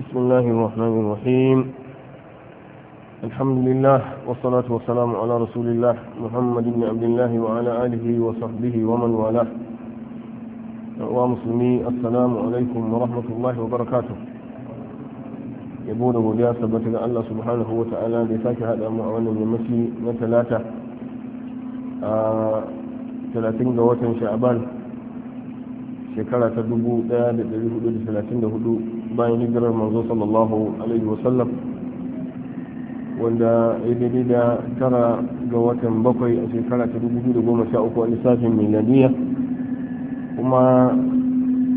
بسم الله الرحمن الرحيم الحمد لله والصلاة والسلام على رسول الله محمد بن عبد الله وعلى آله وصحبه ومن والاه ومسلمي السلام عليكم ورحمة الله وبركاته يبون وليا سبتنا الله سبحانه وتعالى لساك هذا معاونا يمشي نتلاتة ثلاثين جواتا شعبان شكرة دبو دا لدريه دا ثلاثين دهدو bayan hijirar manzo sallallahu alaihi wasallam wanda ya daidai da tara ga watan bakwai a shekara ta dubu biyu da goma sha uku a lissafin miladiya kuma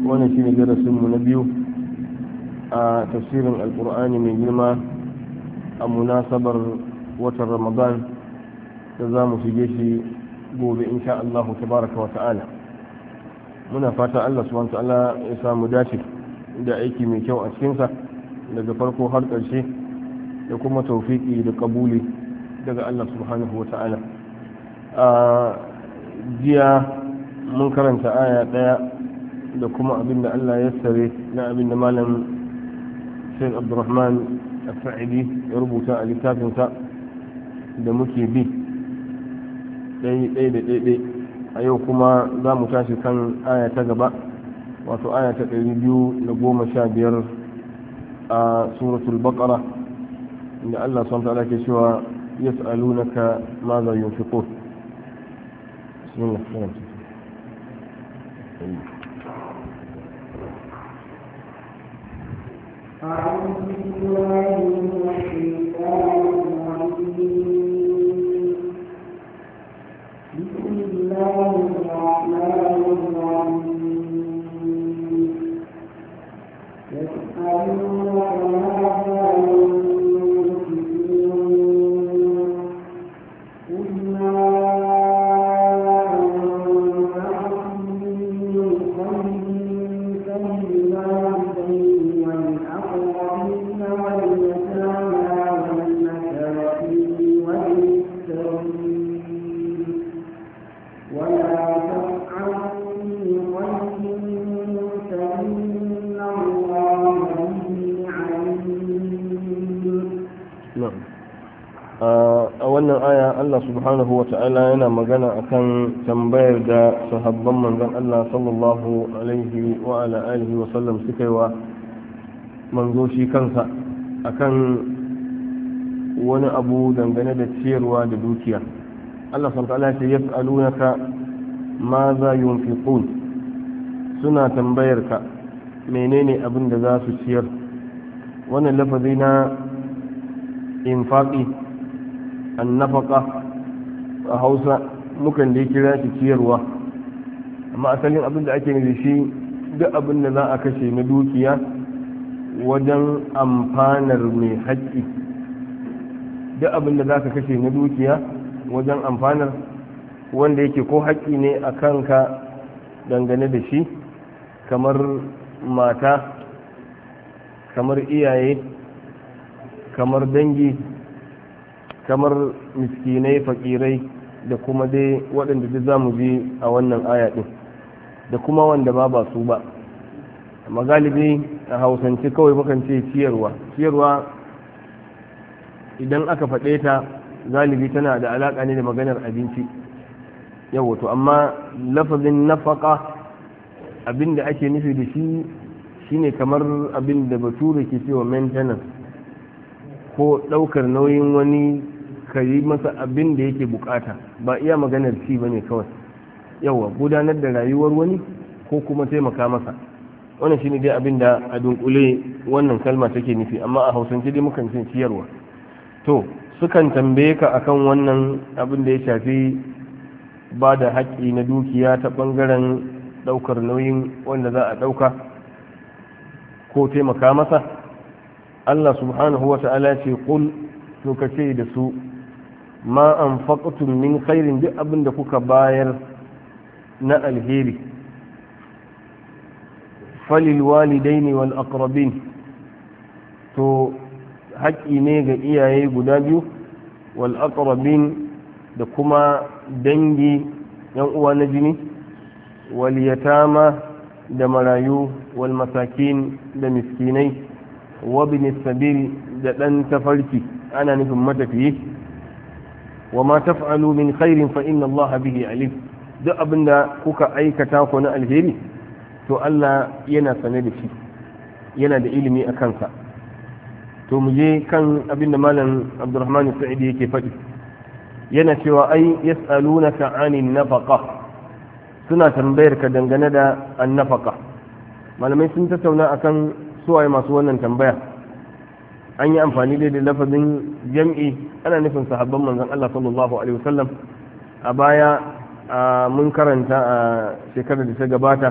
wannan shine mu na biyu a tafsirin alkur'ani mai girma a munasabar watan ramadan da za mu shige shi gobe insha Allah tabaraka wa ta'ala muna fata Allah subhanahu wa ta'ala ya samu dace da aiki mai kyau a cikinsa daga farko har ƙarshe da kuma taufiki da ƙabuli daga Allah subhanahu wa ta'ala a jiya mun karanta aya ɗaya da kuma abin da Allah ya sare na abin da malam abdurrahman al faidi ya rubuta a littafinsa da muke bi ɗaya da ɗaya a yau kuma za mu tashi kan aya ta gaba wato aya ta ɗari biyu da goma sha biyar a suratul baqara inda Allah sun ta'ala ke cewa yas'alunaka ma za yunfiqun bismillah أعوذ بالله من الشيطان الرجيم بسم الله ta'ala yana magana akan tambayar da sahabban manzon Allah sallallahu alaihi wa ala alihi wa sallam suka yi wa manzo shi kansa akan wani abu dangane da ciyarwa da dukiya Allah subhanahu wa ta'ala ya maza yunfiqun suna tambayar ka menene abin da za su ciyar wannan lafazi na infaqi annafaqah a hausa mukan da kira shi ciyarwa amma asalin abin da ake nufi shi duk abin da za a kashe na dukiya wajen amfanar mai haƙƙi duk abin da za ka kashe na dukiya wajen amfanar wanda yake ko haƙƙi ne a kanka dangane da shi kamar mata kamar iyaye kamar dangi kamar miskinai fakirai da kuma dai waɗanda duk za mu bi a wannan aya ɗin da kuma wanda ba ba su ba amma galibi a hausance kawai bakan ce ciyarwa ciyarwa idan aka faɗe ta galibi tana da alaƙa ne da maganar abinci yau to amma lafazin nafaka abin da ake nufi da shi shine kamar abin da bature ke cewa maintenance ko ɗaukar nauyin wani ka yi masa abin da yake bukata ba iya maganar ci ba ne kawai yawa gudanar da rayuwar wani ko kuma taimaka masa wannan shi ne dai abin da a dunkule wannan kalma take nufi amma a hausance dai mukan cin ciyarwa to sukan tambaye ka akan wannan abin da ya shafi ba da haƙƙi na dukiya ta ɓangaren ɗaukar nauyin wanda za a ɗauka ko taimaka masa Allah subhanahu wa ta'ala ce kul to ka ce da su ma an min khairin duk abin da kuka bayar na alheri falil walidai wal aqrabin to haƙƙi ne ga iyaye guda biyu wal da kuma dangi yan uwa na jini wal yatama da marayu wal masakin da miskinai wa sabil da ɗan tafarki ana nufin matafiyi wa ma taf'alu min khairin fa inna Allah bihi alim duk abinda kuka aikata ku na alheri to Allah yana sane da shi yana da ilimi a kansa to mu je kan abinda malam Abdulrahman Sa'idi yake faɗi yana cewa ai yas'alunaka 'anil nafaqa suna tambayar ka dangane da annafaqa malamai sun tattauna akan suwaye masu wannan tambaya an yi amfani da lafazin jam'i ana nufin sahabban manzon Allah sallallahu alaihi wasallam a baya mun karanta a shekarar da ta gabata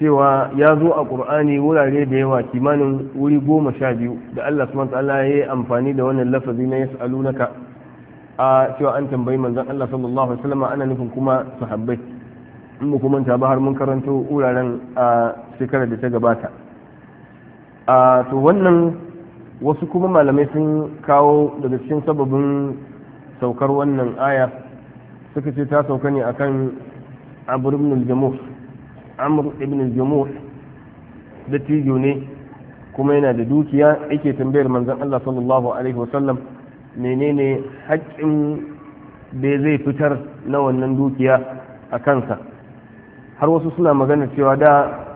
cewa ya zo a ƙur'ani wurare da yawa kimanin wuri goma sha biyu da Allah su ta'ala ya yi amfani da wannan lafazi na yas'alunaka a cewa an tambayi manzon Allah sallallahu alaihi wasallam ana nufin kuma sahabbai in ba kuma ta ba har mun karanto wuraren a shekarar da ta gabata a to wannan wasu kuma malamai sun kawo daga cikin sababin saukar wannan aya suka ce ta sauka ne akan amr ibn al-jamuh amr ibn al da tijo ne kuma yana da dukiya yake tambayar manzon Allah sallallahu alaihi wasallam menene haƙƙin da zai fitar na wannan dukiya a kansa har wasu suna magana cewa da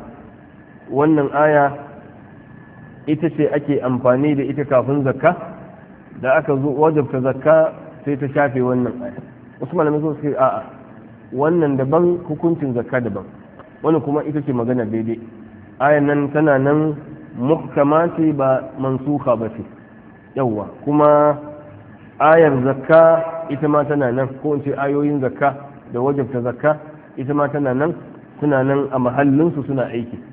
wannan aya ita ce ake amfani da ita kafin zakka da aka zo wajabta zakka sai ta shafe wannan aya wasu malamai sun sai a'a wannan daban hukuncin zakka daban wani kuma ita ce magana daidai ayan nan tana nan muhkama ba mansuka ba ce yawa kuma ayar zakka ita ma tana nan ko in ce ayoyin zakka da wajabta zakka ita ma tana nan suna nan a mahallinsu suna aiki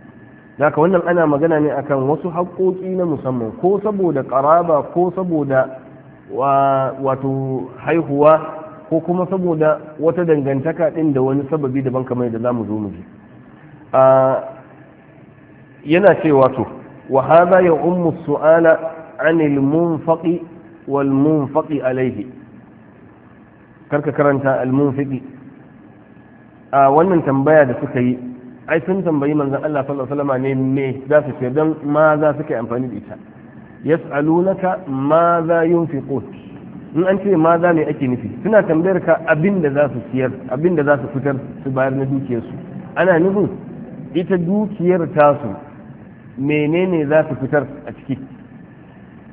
daga wannan ana magana ne akan wasu haƙoƙi na musamman ko saboda ƙaraba ko saboda wato haihuwa ko kuma saboda wata dangantaka ɗin da wani sababi daban kamar da za mu zo mu ji yana ce wato wa hadha ya ummu su'ala anil munfaqi wal munfaqi alaihi karka karanta al munfaqi a wannan tambaya da suka yi ai sun tambayi manzon Allah sallallahu alaihi wasallam ne me za su ce dan ma za su kai amfani da ita yas'alunaka ma za yunfiqun in an ce ma za ne ake nufi suna tambayar ka abin da za su siyar abin da za su fitar su bayar na dukiyarsu ana nufin ita dukiyar tasu menene za su fitar a ciki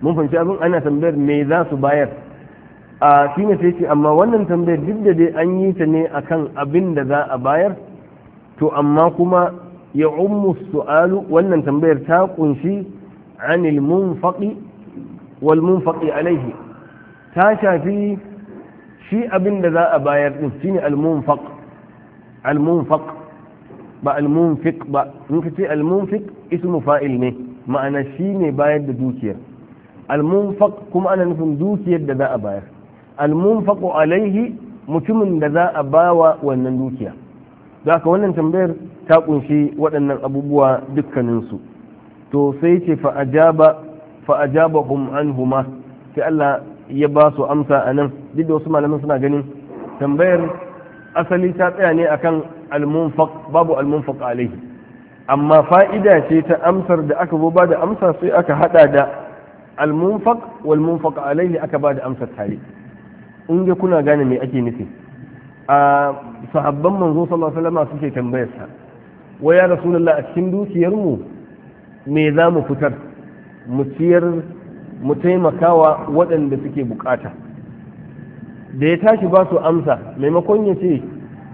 mun fahimci abin ana tambayar me za su bayar a ne sai ce amma wannan tambayar duk da dai an yi ta ne akan abin da za a bayar to amma kuma ya ummu su'alu wannan tambayar ta kunshi anil munfaqi wal munfaqi alaihi ta shafi shi abin da za a bayar din shine al munfaq al munfaq ba al munfiq ba in ka ce al munfiq ismu fa'il ne ma'ana shi ne bayar da dukiyar al munfaq kuma ana nufin dukiyar da za a bayar al munfaqu alaihi mutumin da za a bawa wannan dukiya da aka wannan tambayar ta kunshi waɗannan abubuwa dukkaninsu to sai ce fa'ajaba hum an sai Allah ya ba su amsa a nan duk da wasu malamin suna ganin tambayar asali ta tsaya ne akan almunfaq babu almunfaq alaihi amma fa'ida ce ta amsar da aka zo ba da amsa sai aka hada da almunfaq wal alaihi aka ba da amsar tare in ga kuna gane me ake nufi a sahabban manzo sallallahu alaihi wasallam suke tambayar sa wai ya rasulullah a cikin dukiyar mu me za mu fitar mu ciyar mu taimakawa waɗanda suke bukata da ya tashi ba su amsa maimakon ya ce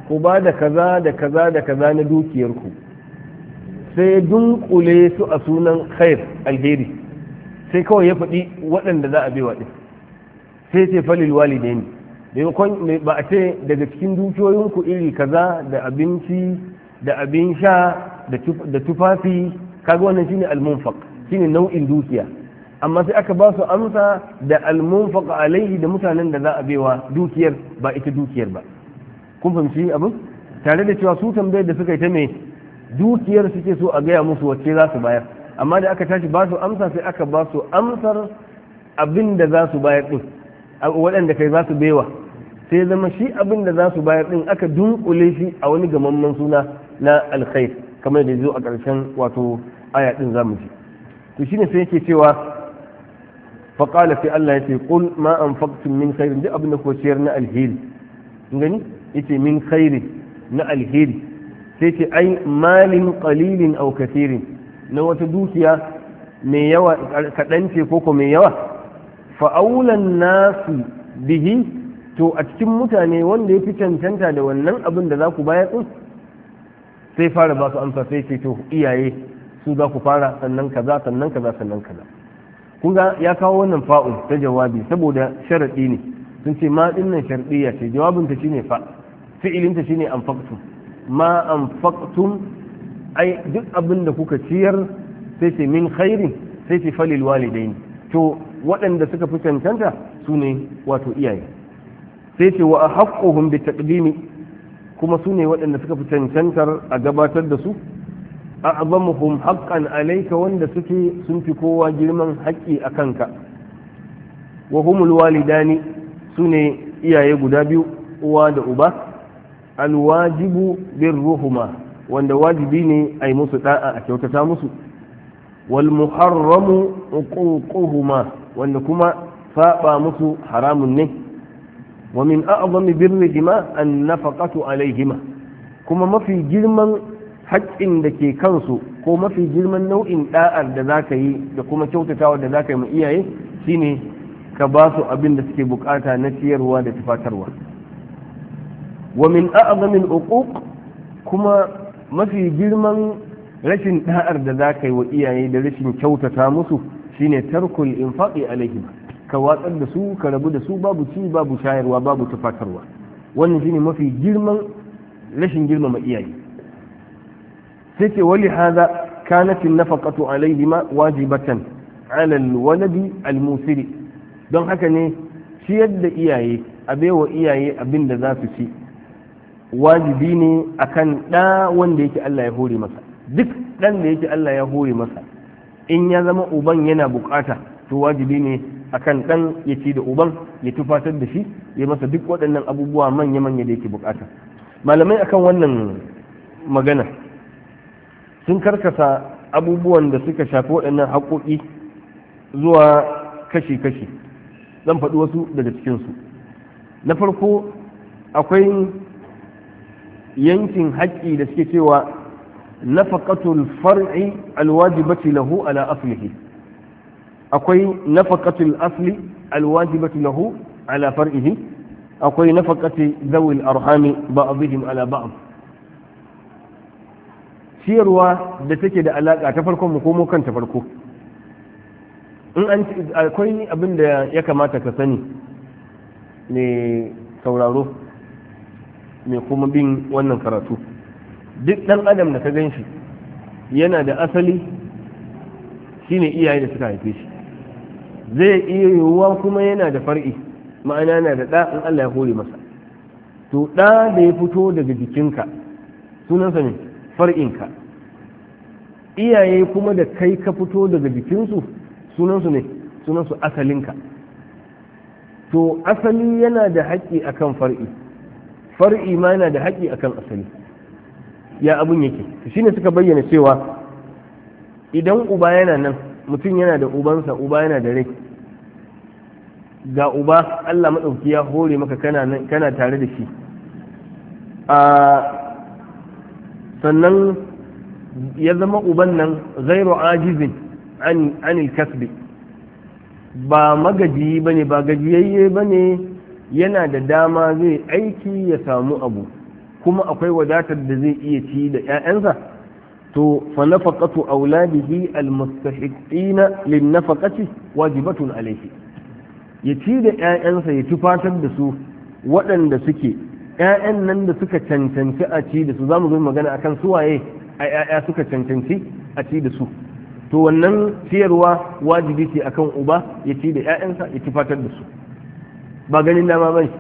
ku ba da kaza da kaza da kaza na dukiyar ku sai dunkule su a sunan khair alheri sai kawai ya faɗi waɗanda za a bewa ɗin sai ce falil walidaini maimakon ba a ce daga cikin dukiyoyinku iri kaza da abinci da abin sha da tufafi kaga wannan shine almunfaq shine nau'in dukiya amma sai aka ba su amsa da almunfaq alaihi da mutanen da za a baiwa dukiyar ba ita dukiyar ba kun fahimci abin tare da cewa su tambayar da suka yi ta me dukiyar suke so a gaya musu wacce za su bayar amma da aka tashi ba su amsa sai aka ba su amsar abin da za su bayar din waɗanda kai za su baiwa sai zama shi abin da za su bayar din aka dunkule shi a wani gamamman suna na alkhair kamar da zo a ƙarshen wato aya din zamu ji to shine sai yake cewa fa qala fi Allah yace qul ma anfaqtum min khairin duk abin da ko ciyar na alheri gani yace min khairin na alheri sai ce ai malin qalilin aw kathirin na wata dukiya mai yawa kadan ce ko ko mai yawa fa aulan nasu bihi to a cikin mutane wanda ya fi cancanta da wannan abin da za ku bayar din sai fara ba su amsa sai ce to iyaye su za ku fara sannan kaza sannan kaza sannan kaza kun ga ya kawo wannan fa'un ta jawabi saboda sharadi ne sun ce ma din nan sharadiyya ce jawabin ta shine fa fi'ilin ta shine anfaqtum ma anfaqtum ai duk abin da kuka ciyar sai ce min khairin sai ce falil walidaini to waɗanda suka fi cancanta su ne wato iyaye sai ce wa ahaqquhum bi taqdimi kuma su ne waɗanda suka fi cancantar a gabatar da su a'zamuhum haƙƙan alaika wanda suke sun fi kowa girman haƙƙi a kanka wa humul walidani su ne iyaye guda biyu uwa da uba alwajibu ruhuma wanda wajibi ne a yi musu ɗa'a a kyautata musu wal muharramu uququhuma wanda kuma saba musu haramun ne wa min a'zami birrihima an nafaqatu alaihima kuma mafi girman haƙƙin da ke kansu ko mafi girman nau'in ɗa'ar da zaka yi da kuma kyautatawa da zaka yi mu iyaye shine ka ba su abin da suke buƙata na ciyarwa da tufatarwa wa min a'zami al-uquq kuma mafi girman rashin ɗa'ar da zaka yi wa iyaye da rashin kyautata musu shine tarkul infaqi alaihima ka watsar da su ka rabu da su babu ci babu shayarwa babu tufatarwa wannan shine mafi girman rashin girmama iyaye sai ce wali hada كانت النفقة عليهما واجبة على الولد الموسر don haka ne ciyar da iyaye a baiwa iyaye abin da za su ci wajibi ne akan ɗa wanda yake Allah ya hore masa duk ɗan da yake Allah ya hore masa in ya zama uban yana bukata to wajibi ne akan dan ya da uban ya tufatar da shi ya masa duk waɗannan abubuwa manya-manya da yake bukata malamai akan wannan magana sun karkasa abubuwan da suka shafi waɗannan haƙoƙi zuwa kashi-kashi zan faɗi wasu daga cikinsu na farko akwai yankin haƙƙi da suke cewa nafaqatul far'i alwajibati lahu ala aslihi akwai nafaqatul asli alwajibatu lahu ala far'ihi akwai nafaqati zawil arhami ba'dihim ala ba'd ciyarwa da take da alaka ta farkon mu komo kan ta farko in an akwai abin da ya kamata ka sani ne sauraro mai kuma bin wannan karatu duk dan adam da ka gan shi yana da asali shine iyaye da suka haife shi zai iya yiwuwa kuma yana da far'i ma'ana na da ɗa in Allah ya hore masa to ɗa da ya fito daga jikinka sunansa ne far'inka iyaye kuma da kai ka fito daga jikinsu sunansu ne sunansu asalinka to asali yana da haƙƙi akan far'i far'i ma yana da haƙƙi akan asali ya abun yake shine suka bayyana cewa idan uba yana nan mutum yana da ubansa uba yana da rai ga uba Allah maɗauki ya hore maka kana tare da shi sannan ya zama uban nan zairu ajizin anil kasbi ba magaji ba ne ba gajiyayye ba ne yana da dama zai aiki ya samu abu kuma akwai wadatar da zai iya ci da 'ya'yansa to fa nafaqatu auladihi almustahiqina lin nafaqati wajibatun alayhi ya ci da ƴaƴansa ya tufatar da su waɗanda suke ƴaƴan nan da suka cancanci a ci da su zamu zo magana akan su waye a ƴaƴa suka cancanci a ci da su to wannan ciyarwa wajibi ce akan uba ya ci da ƴaƴansa ya tufatar da su ba ganin dama bane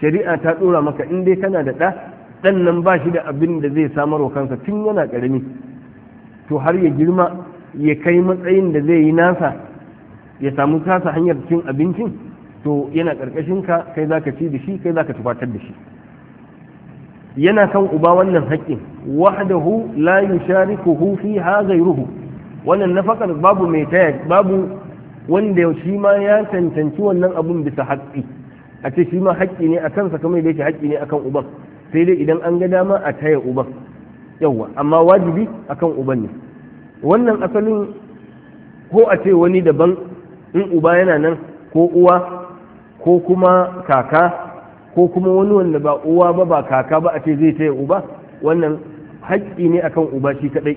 shari'a ta dora maka in dai kana da ɗa ɗan nan ba shi da abin da zai samar wa kansa tun yana ƙarami to har ya girma ya kai matsayin da zai yi nasa ya samu kasa hanyar cin abincin to yana ƙarƙashin ka kai za ka ci da shi kai za ka tufatar da shi yana kan uba wannan haƙƙin wahdahu la fi ha ghayruhu wannan nafakar babu mai taya babu wanda shi ma ya cancanci wannan abun bisa haƙƙi a ce shi ma haƙƙi ne a kansa kamar da yake haƙƙi ne akan uban sai dai idan an ga dama a taya uban yawa amma wajibi akan uban ne wannan asalin ko a ce wani daban in uba yana nan ko uwa ko kuma kaka ko kuma wani wanda ba uwa ba ba kaka ba a ce zai taya uba wannan haƙƙi ne akan uba shi kaɗai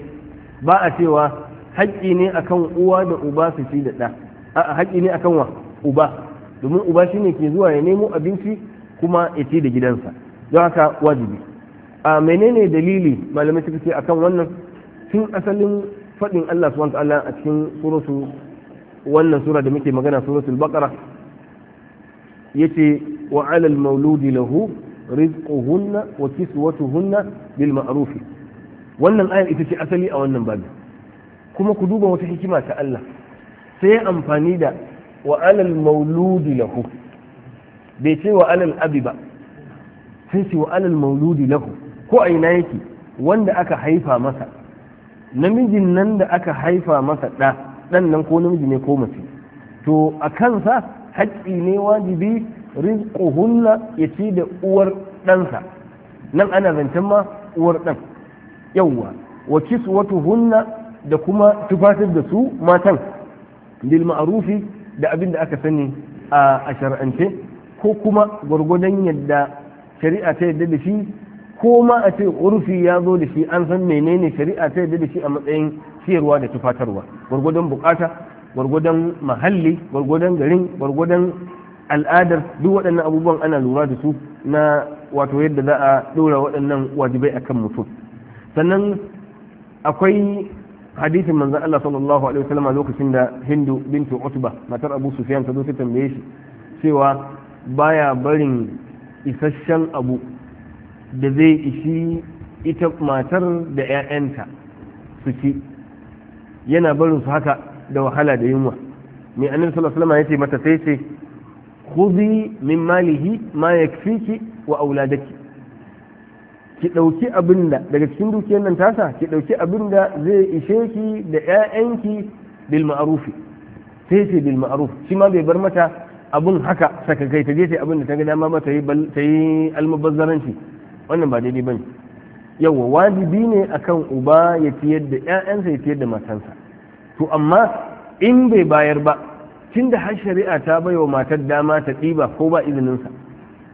ba a cewa haƙƙi ne akan uwa da uba su ci da ɗa a haƙƙi ne akan wa uba domin uba shine ke zuwa ya nemo abinci kuma ya ci da gidansa don haka wajibi a menene dalili malamai suka ce akan wannan tun asalin fadin Allah subhanahu allah a cikin suratu wannan sura da muke magana suratul baqara yace wa 'alal mauludi lahu rizquhunna wa kiswatuhunna bil ma'ruf wannan ayar ita ce asali a wannan babi kuma ku duba wata hikima ta Allah sai amfani da wa 'alal mauludi lahu bai ce wa abi ba sai ce wa alal mauludi lahu ko a ina yake wanda aka haifa masa namijin nan da aka haifa masa ɗa ɗan nan ko namiji ne ko mace to a kansa haƙƙi ne wajibi hunna ya ci da uwar ɗansa nan ana zancen ma uwar ɗan yawwa wa kiswatuhunna da kuma tufatar da su matan bil ma'rufi da abin da aka sani a shar'ance ko kuma gwargwadon yadda shari'a ta yadda da shi ko ma a ce urfi ya zo da shi an san menene shari'a ta yadda da shi a matsayin siyarwa da tufatarwa gwargwadon bukata gwargwadon mahalli gwargwadon garin gwargwadon al'adar duk waɗannan abubuwan ana lura da su na wato yadda za a ɗora waɗannan wajibai akan mutum sannan akwai hadisin manzo Allah sallallahu alaihi wasallam lokacin da Hindu bintu Utba matar Abu Sufyan ta zo ta tambaye shi cewa baya barin isasshen abu da zai ishi ita matar da 'ya'yanta su ci yana barin su haka da wahala da yunwa mai annabi sallallahu alaihi wasallam ya ce mata sai ce khudhi min malihi ma yakfiki wa auladaki ki ɗauki abin daga cikin dukiyar nan tasa ki ɗauki abin da zai ishe ki da 'ya'yanki bil ma'arufi sai ce bil shi ma bai bar mata abun haka saka kai ta je ta abin da ta ga dama ba ta yi almubazzaranci wannan ba daidai bane yawa wajibi ne akan uba ya tiyar da ƴaƴansa ya ciyar da matansa to amma in bai bayar ba tun da har shari'a ta bai wa matar dama ta ɗiba ko ba izininsa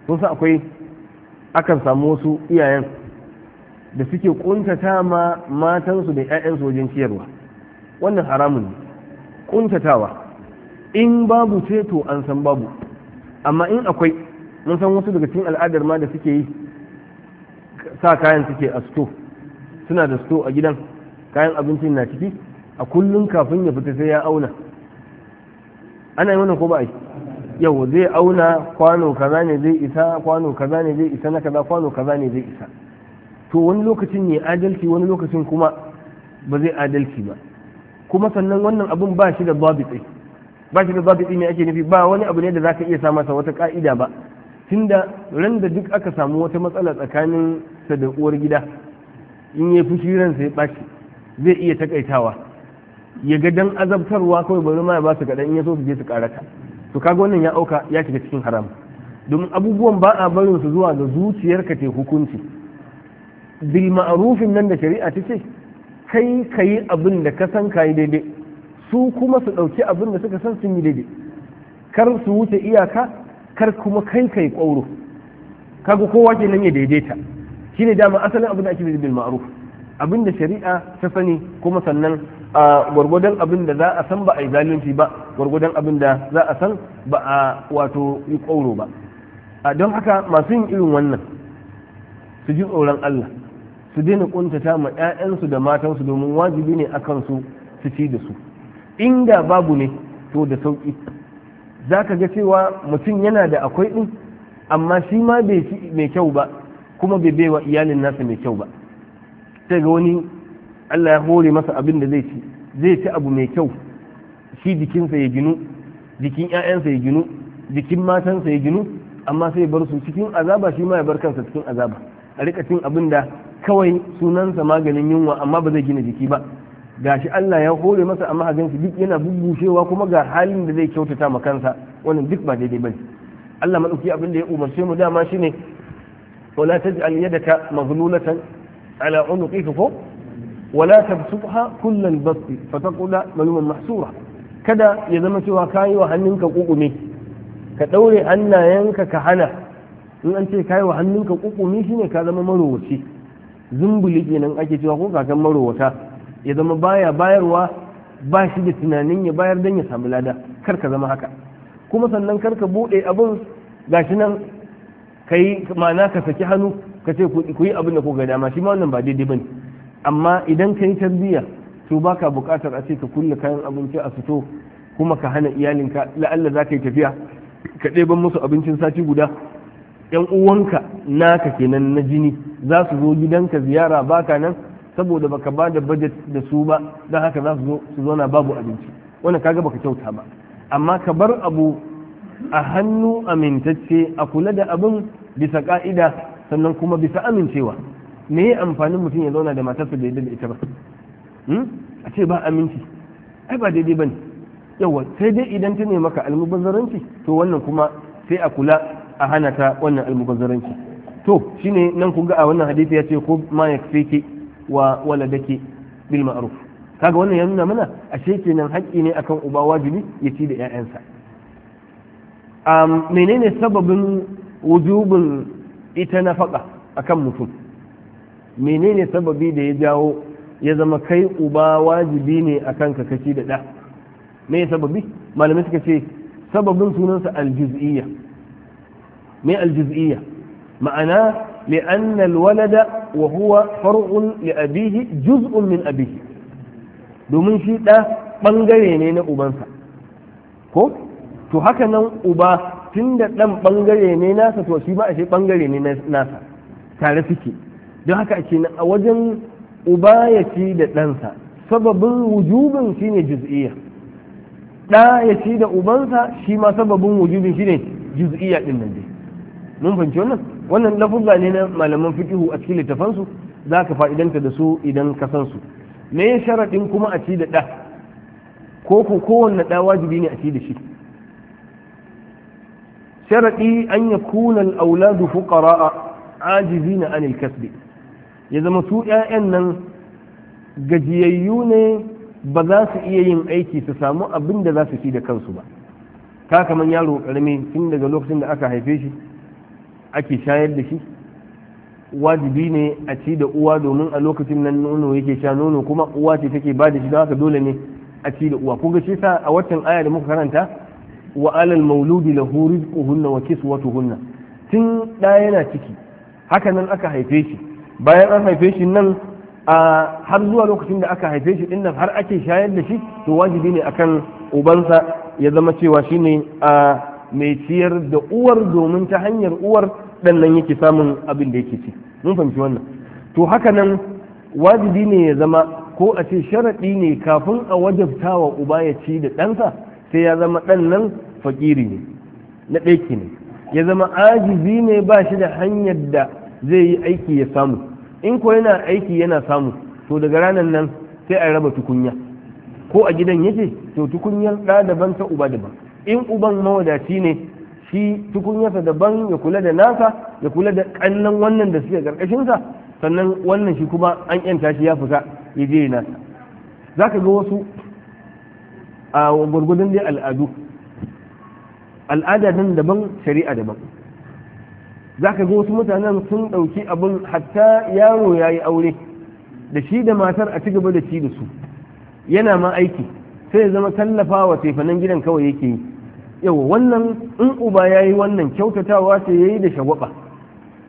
sun sa akwai akan samu wasu iyayen da suke kuntata ma matansu da 'ya'yansu wajen ciyarwa wannan haramun ne kuntatawa in babu ce to an san babu amma in akwai mun san wasu daga cikin al'adar ma da suke yi sa kayan suke a sto suna da sto a gidan kayan abincin na ciki a kullum kafin ya fita sai ya auna ana yi wannan ko ba a yau zai auna kwano kaza ne zai isa kwano kaza ne zai isa na kaza kwano kaza ne zai isa to wani lokacin ne adalci wani lokacin kuma ba zai adalci ba kuma sannan wannan abun ba shi da babu tsaye ba shi da zabiti ɗin ake nufi ba wani abu ne da zaka iya sa masa wata ka'ida ba tun da ran da duk aka samu wata matsala tsakanin sa da uwar gida in ya fushi ransa ya baki zai iya takaitawa ya ga dan azabtarwa kawai bari ma ya ba su in ya so su je su karata to kaga wannan ya auka ya shiga cikin haram domin abubuwan ba a barin su zuwa ga zuciyarka te hukunci bil ma'rufin nan da shari'a ta ce kai kayi abin da ka san kayi daidai su kuma su ɗauki abin da suka san sun yi daidai kar su wuce iyaka kar kuma kai kai ƙwauro kaga kowa ke nan ya daidaita Shi ne dama asalin abin da ake bil ma'ruf abin da shari'a ta sani kuma sannan a gwargwadon abin da za a san ba a yi zalunci ba gwargwadon abin da za a san ba a wato yi ƙwauro ba a don haka masu yin irin wannan su ji tsoron Allah su daina ƙuntata ma 'ya'yansu da matansu domin wajibi ne akan su su ci da su inda babu ne to da sauƙi za ka ga cewa mutum yana da akwai ɗin amma shi ma bai ci mai kyau ba kuma bai baiwa iyalin nasa mai kyau ba sai ga wani Allah ya hore masa abin da zai ci zai ci abu mai kyau shi jikinsa ya ginu jikin 'ya'yansa ya ginu jikin matansa ya ginu amma sai ya bar su cikin azaba shi ma ya bar kansa cikin azaba a rika cin abin da kawai sunansa maganin yunwa amma ba zai gina jiki ba gashi Allah ya hore masa amma a gansu duk yana bubbushewa kuma ga halin da zai kyautata ma kansa wannan duk ba daidai bane Allah madauki abin da ya umarce mu dama shine wala taj'al yadaka maghlulatan ala unuqika ko wala tabsutha kullal basti fataqula maluman mahsura kada ya zama cewa kai wa hannunka kukume ka daure hannayenka ka hana in an ce kai wa hannunka kukume shine ka zama marowaci zumbuli kenan ake cewa ko kakan marowata ya zama baya bayarwa ba shi da tunanin ya bayar don ya samu lada kar ka zama haka kuma sannan kar ka buɗe abin gashi nan ka yi mana ka saki hannu ka ce ku yi abin da ku ga dama shi ma wannan ba daidai bane amma idan ka yi tarbiyya to baka bukatar a ce ka kulle kayan abinci a fito kuma ka hana iyalinka la'alla za ka yi tafiya ka ɗeban musu abincin sati guda yan uwanka naka kenan na jini za su zo gidanka ziyara baka nan saboda baka ba da budget da su ba don haka za su zo su zauna babu abinci wannan kaga baka kyauta ba amma ka bar abu a hannu amintacce a kula da abin bisa ka'ida sannan kuma bisa amincewa me yi amfanin mutum ya zauna da matarsa da da ita ba hmm? a ce ba aminci ai ba daidai bane yawa sai dai idan ta nema ka almubazzaranci to wannan kuma sai a kula a hana ta wannan almubazzaranci to shine nan kun ga a wannan hadisi ya ce ko ma ya fike wa waladaki bil ma'ruf kaga wannan ya nuna mana ashe kenan haƙƙi ne akan uba wajibi ya ci da ƴaƴansa um, menene sababin wujubin ita nafaka akan mutum menene sababi da ya jawo ya zama kai uba wajibi ne akan ka kaci da ɗa me sababi malamai suka ce sababin sunansa aljuz'iyya me aljuz'iyya ma'ana لأن الولد وهو فرع لأبيه جزء من أبيه domin shi ɗa ɓangare ne na ubansa ko to haka nan uba tun da ɗan ɓangare ne nasa to shi ma ashe ɓangare ne nasa tare suke don haka ake a wajen uba ya ci da ɗansa sababin wujubin shine juz'iyya ɗa ya ci da ubansa shi ma sababin wujubin shine juz'iyya ɗin nan dai mun fahimci wannan wannan lafuzza ne na malaman fiqihu a cikin littafansu za ka fa'idanta da su idan ka san su me sharaɗin kuma a ci da ɗa ko ko kowanne ɗa wajibi ne a ci da shi sharaɗi an ya kuna al'auladu fuƙara ajizi na anil kasbi ya zama su ‘ya'yan nan gajiyayyu ne ba za su iya yin aiki su samu abin da za su ci da kansu ba ka kamar yaro ƙarami tun daga lokacin da aka haife shi ake shayar da shi wajibi ne a ci da uwa domin a lokacin nan nono yake sha nono kuma uwa ce take ba da shi don haka dole ne a ci da uwa ko ga shi sa a watan aya da muka karanta wa alal mauludi lahu rizquhunna wa kiswatuhunna tun da yana ciki haka nan aka haife shi bayan an haife shi nan a har zuwa lokacin da aka haife shi din har ake shayar da shi to wajibi ne akan ubansa ya zama cewa shine a mai ciyar da uwar domin ta hanyar uwar ɗannan nan yake samun abin da yake ci mun fahimci wannan to haka nan wajibi ne ya zama ko a ce sharaɗi ne kafin a wajabta wa uba ya ci da ɗansa sai ya zama ɗan nan fakiri ne na ɗaki ne ya zama ajizi ne ba shi da hanyar da zai yi aiki ya samu in ko yana aiki yana samu to daga ranar nan sai a raba tukunya ko a gidan yake to tukunyar ɗa daban ta uba daban in uban mawadaci ne shi tukunyarsa daban ya kula da nasa ya kula da kannan wannan da suke karkashinsa sannan wannan shi kuma an yanta shi ya fita ya je nasa za ka ga wasu a gwargwadon dai al'adu al'ada nan daban shari'a daban za ka ga wasu mutanen sun ɗauki abin hatta yaro ya yi aure da shi da matar a ci gaba da ci da su yana ma aiki sai ya zama tallafa wa tefanen gidan kawai yake yi yau wannan in uba ya yi wannan kyautatawa ce ya yi da shagwaba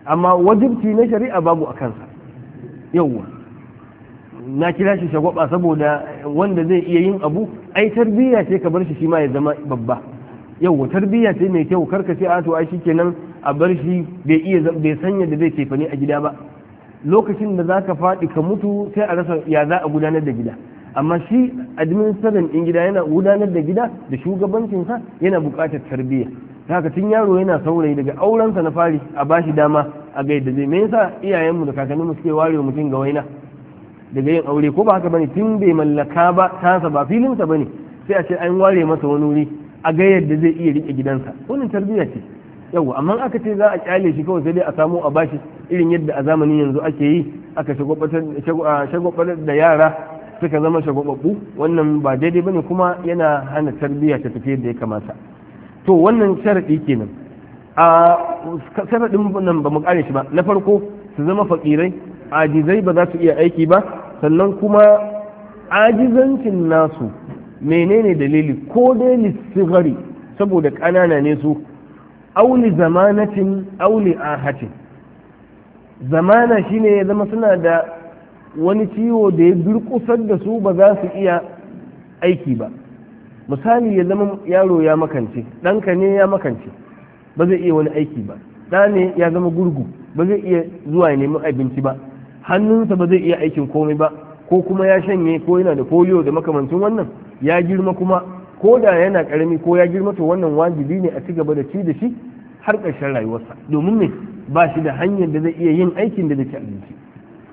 amma wajibci na shari'a babu a kansa yauwa na kira shi shagwaba saboda wanda zai iya yin abu ai tarbiyya ce ka bar shi shi ma ya zama babba yauwa tarbiyya ce mai kyau karka ce a to ai shikenan a bar shi bai iya bai sanya da zai tefani a gida ba lokacin da zaka faɗi ka mutu sai a rasa ya za a gudanar da gida amma shi administrator din gida yana gudanar da gida da shugabancinsa yana buƙatar tarbiyya haka tun yaro yana saurayi daga aurensa na fari a bashi dama a gaida zai me yasa iyayenmu da mu suke ware mutum ga waina daga yin aure ko ba haka bane tun bai mallaka ba tasa ba filin filinsa bane sai a ce an ware masa wani wuri a ga yadda zai iya rike gidansa wannan tarbiyya ce yawa amma aka ce za a kyale shi kawai sai dai a samu a bashi irin yadda a zamanin yanzu ake yi aka shagwabar da yara suka zama shagwababbu wannan ba daidai bane kuma yana hana tarbiyya ta tafi yadda ya kamata to wannan sharadi kenan a sharadin nan ba mu kare shi ba na farko su zama fakirai ajizai ba za su iya aiki ba sannan kuma ajizancin nasu menene dalili ko dai lissigari saboda ƙanana ne su auli zamanatin auli ahatin zamana shine ya zama suna da wani ciwo da ya durƙusar da su ba za su iya aiki ba misali ya zama yaro ya makance ɗanka ne ya makance ba zai iya wani aiki ba ɗa ne ya zama gurgu ba zai iya zuwa neman abinci ba hannunsa ba zai iya aikin komai ba ko kuma ya shanye ko yana da polio da makamancin wannan ya girma kuma ko da yana karami ko ya girma to wannan wajibi ne a ci gaba da ci da shi har ƙarshen rayuwarsa domin me ba shi da hanyar da zai iya yin aikin da zai ci abinci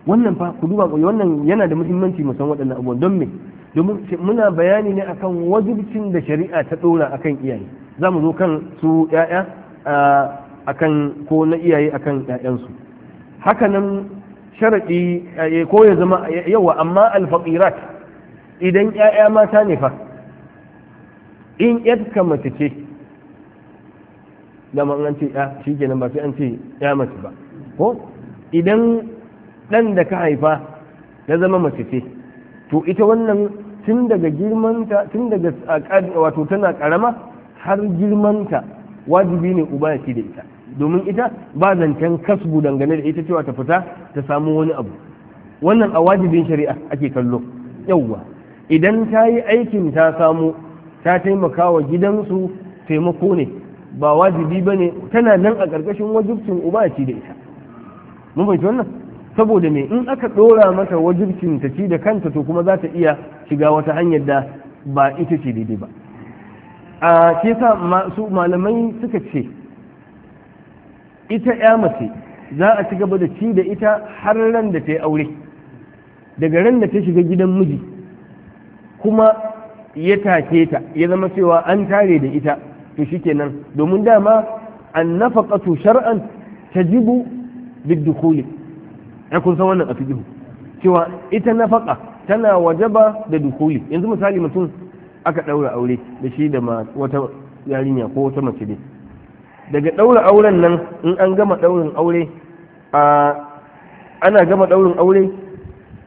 wannan fa ku duba wannan yana da muhimmanci mu san waɗannan abubuwan don me domin muna bayani ne akan wajibcin da shari'a ta dora akan iyaye za mu zo kan su yaya akan ko na iyaye akan ƴaƴansu haka nan sharaɗi eh, ko ya zama yawa amma alfaqirat idan ƴaƴa mata ne fa in yadda mace ce dama an ce ƴa shi kenan ba sai an ce ƴa mace ba ko idan ɗan da ka haifa ya zama mace ce to ita wannan tun daga girmanta tun daga wato tana karama har girmanta wajibi ne uba ya ci da ita domin ita ba zancen kasbu dangane da ita cewa ta fita ta samu wani abu wannan a wajibin shari'a ake kallo yauwa idan ta yi aikin ta samu ta taimaka wa gidansu taimako ne ba wajibi ba ne tana nan a ƙarƙashin wajibcin uba ya ci da ita mun fahimci wannan saboda me in aka ɗora mata wajibcin ta ci da kanta to kuma za ta iya shiga wata hanyar da ba ita ce daidai ba a ke sa masu malamai suka ce ita ya mace za a ci gaba da ci da ita har ran da ta yi aure daga ran da ta shiga gidan miji kuma ya take ta ya zama cewa an tare da ita to shikenan domin dama an nafaqatu shar'an tajibu biddukhuli ai kun san wannan a fiqh cewa ita nafaka tana wajaba da dukuli yanzu misali mutum aka daura aure da shi da wata yarinya ko wata mace ne daga daura auren nan in an gama daurin aure a ana gama daurin aure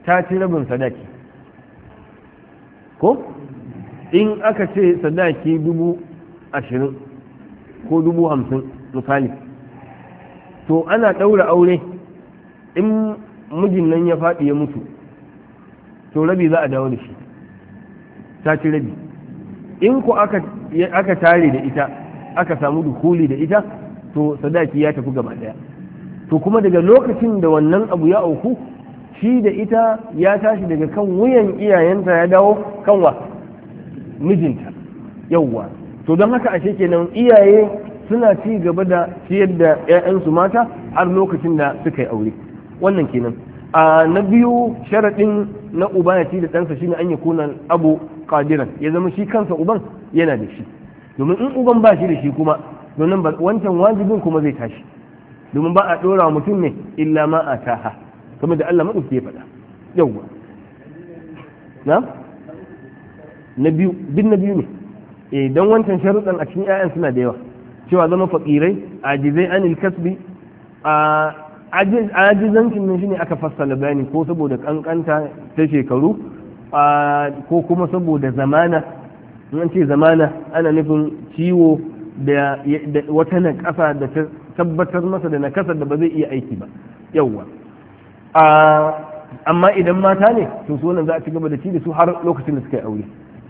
ta ci rabin sadaki ko in aka ce sadaki dubu ashirin ko dubu hamsin misali to ana ɗaura aure in mijin nan ya faɗi ya mutu to rabi za a dawo da shi ta ci rabi in ku aka tare da ita aka samu dukuli da ita to sadaki ya tafi gaba ɗaya to kuma daga lokacin da wannan abu ya auku shi da ita ya tashi daga kan wuyan iyayenta ya dawo kanwa mijinta yauwa to don haka ashe kenan iyaye suna ci gaba da ciyar da 'ya'yansu mata har lokacin da suka yi aure wannan kenan a na biyu sharaɗin na uba ya ci da ɗansa shine an yi kunan abu ƙadiran, ya zama shi kansa uban yana da shi domin in uban ba shi da shi kuma domin wancan wajibin kuma zai tashi domin ba a ɗora mutum ne illa ma a taha kamar da Allah maɗauki ya faɗa yawwa na biyu bin na biyu ne Idan eh, dan wancan sharuɗan a cikin 'ya'yan suna da yawa cewa zama faƙirai ajizai anil kasbi a ajizancin nan shine aka fassala bayani ko saboda kankanta ta shekaru ko kuma saboda zamana in ce zamana ana nufin ciwo da wata nakasa da ta tabbatar masa da nakasar da ba zai iya aiki ba yawwa amma idan mata ne to su za a ci gaba da ci da su har lokacin da suka yi aure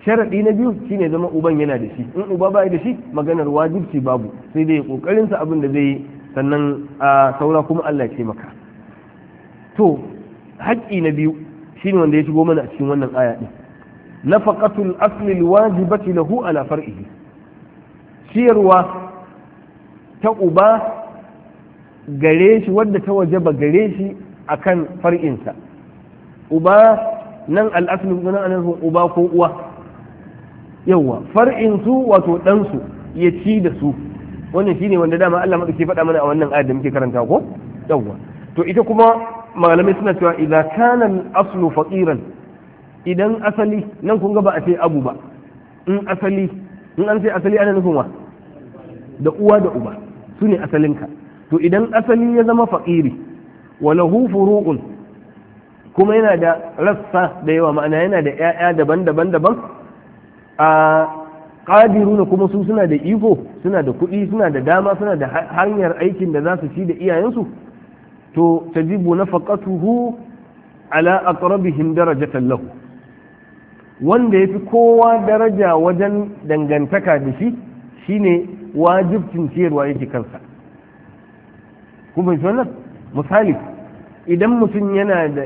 sharaɗi na biyu shi ne zama uban yana da shi in uba ba da shi maganar wajibci babu sai dai kokarin sa abin da zai sannan a saura kuma Allah ya taimaka. to haƙƙi na biyu shine wanda ya shigo mana a cikin wannan aya din nafaqatul asli alwajibati lahu ala far'ihi ciyarwa ta uba gare shi wadda ta wajaba gare shi akan far'insa uba nan al'asli nan anan uba ko uwa yawa far'in su wato ɗansu ya ci da su wannan shine wanda dama Allah madauki faɗa mana a wannan ayat da muke karanta ko yawwa to ita kuma malamai suna cewa idan kana al-aslu faqiran idan asali nan kun ga ba a ce abu ba in asali in an asali ana nufin wa da uwa da uba su ne asalinka to idan asali ya zama faƙiri walahu furu'un kuma yana da rassa da yawa ma'ana yana da 'ya'ya daban-daban daban a qadiruna kuma su suna da iko suna da kuɗi suna da dama suna da hanyar aikin da za su ci da iyayensu to ta tajibu nafaqatuhu ala aqrabihim darajatan lahu wanda ya fi kowa daraja wajen dangantaka da shi shine wajibcin ciyarwa yake kansa kuma shi wannan misali idan mutum yana da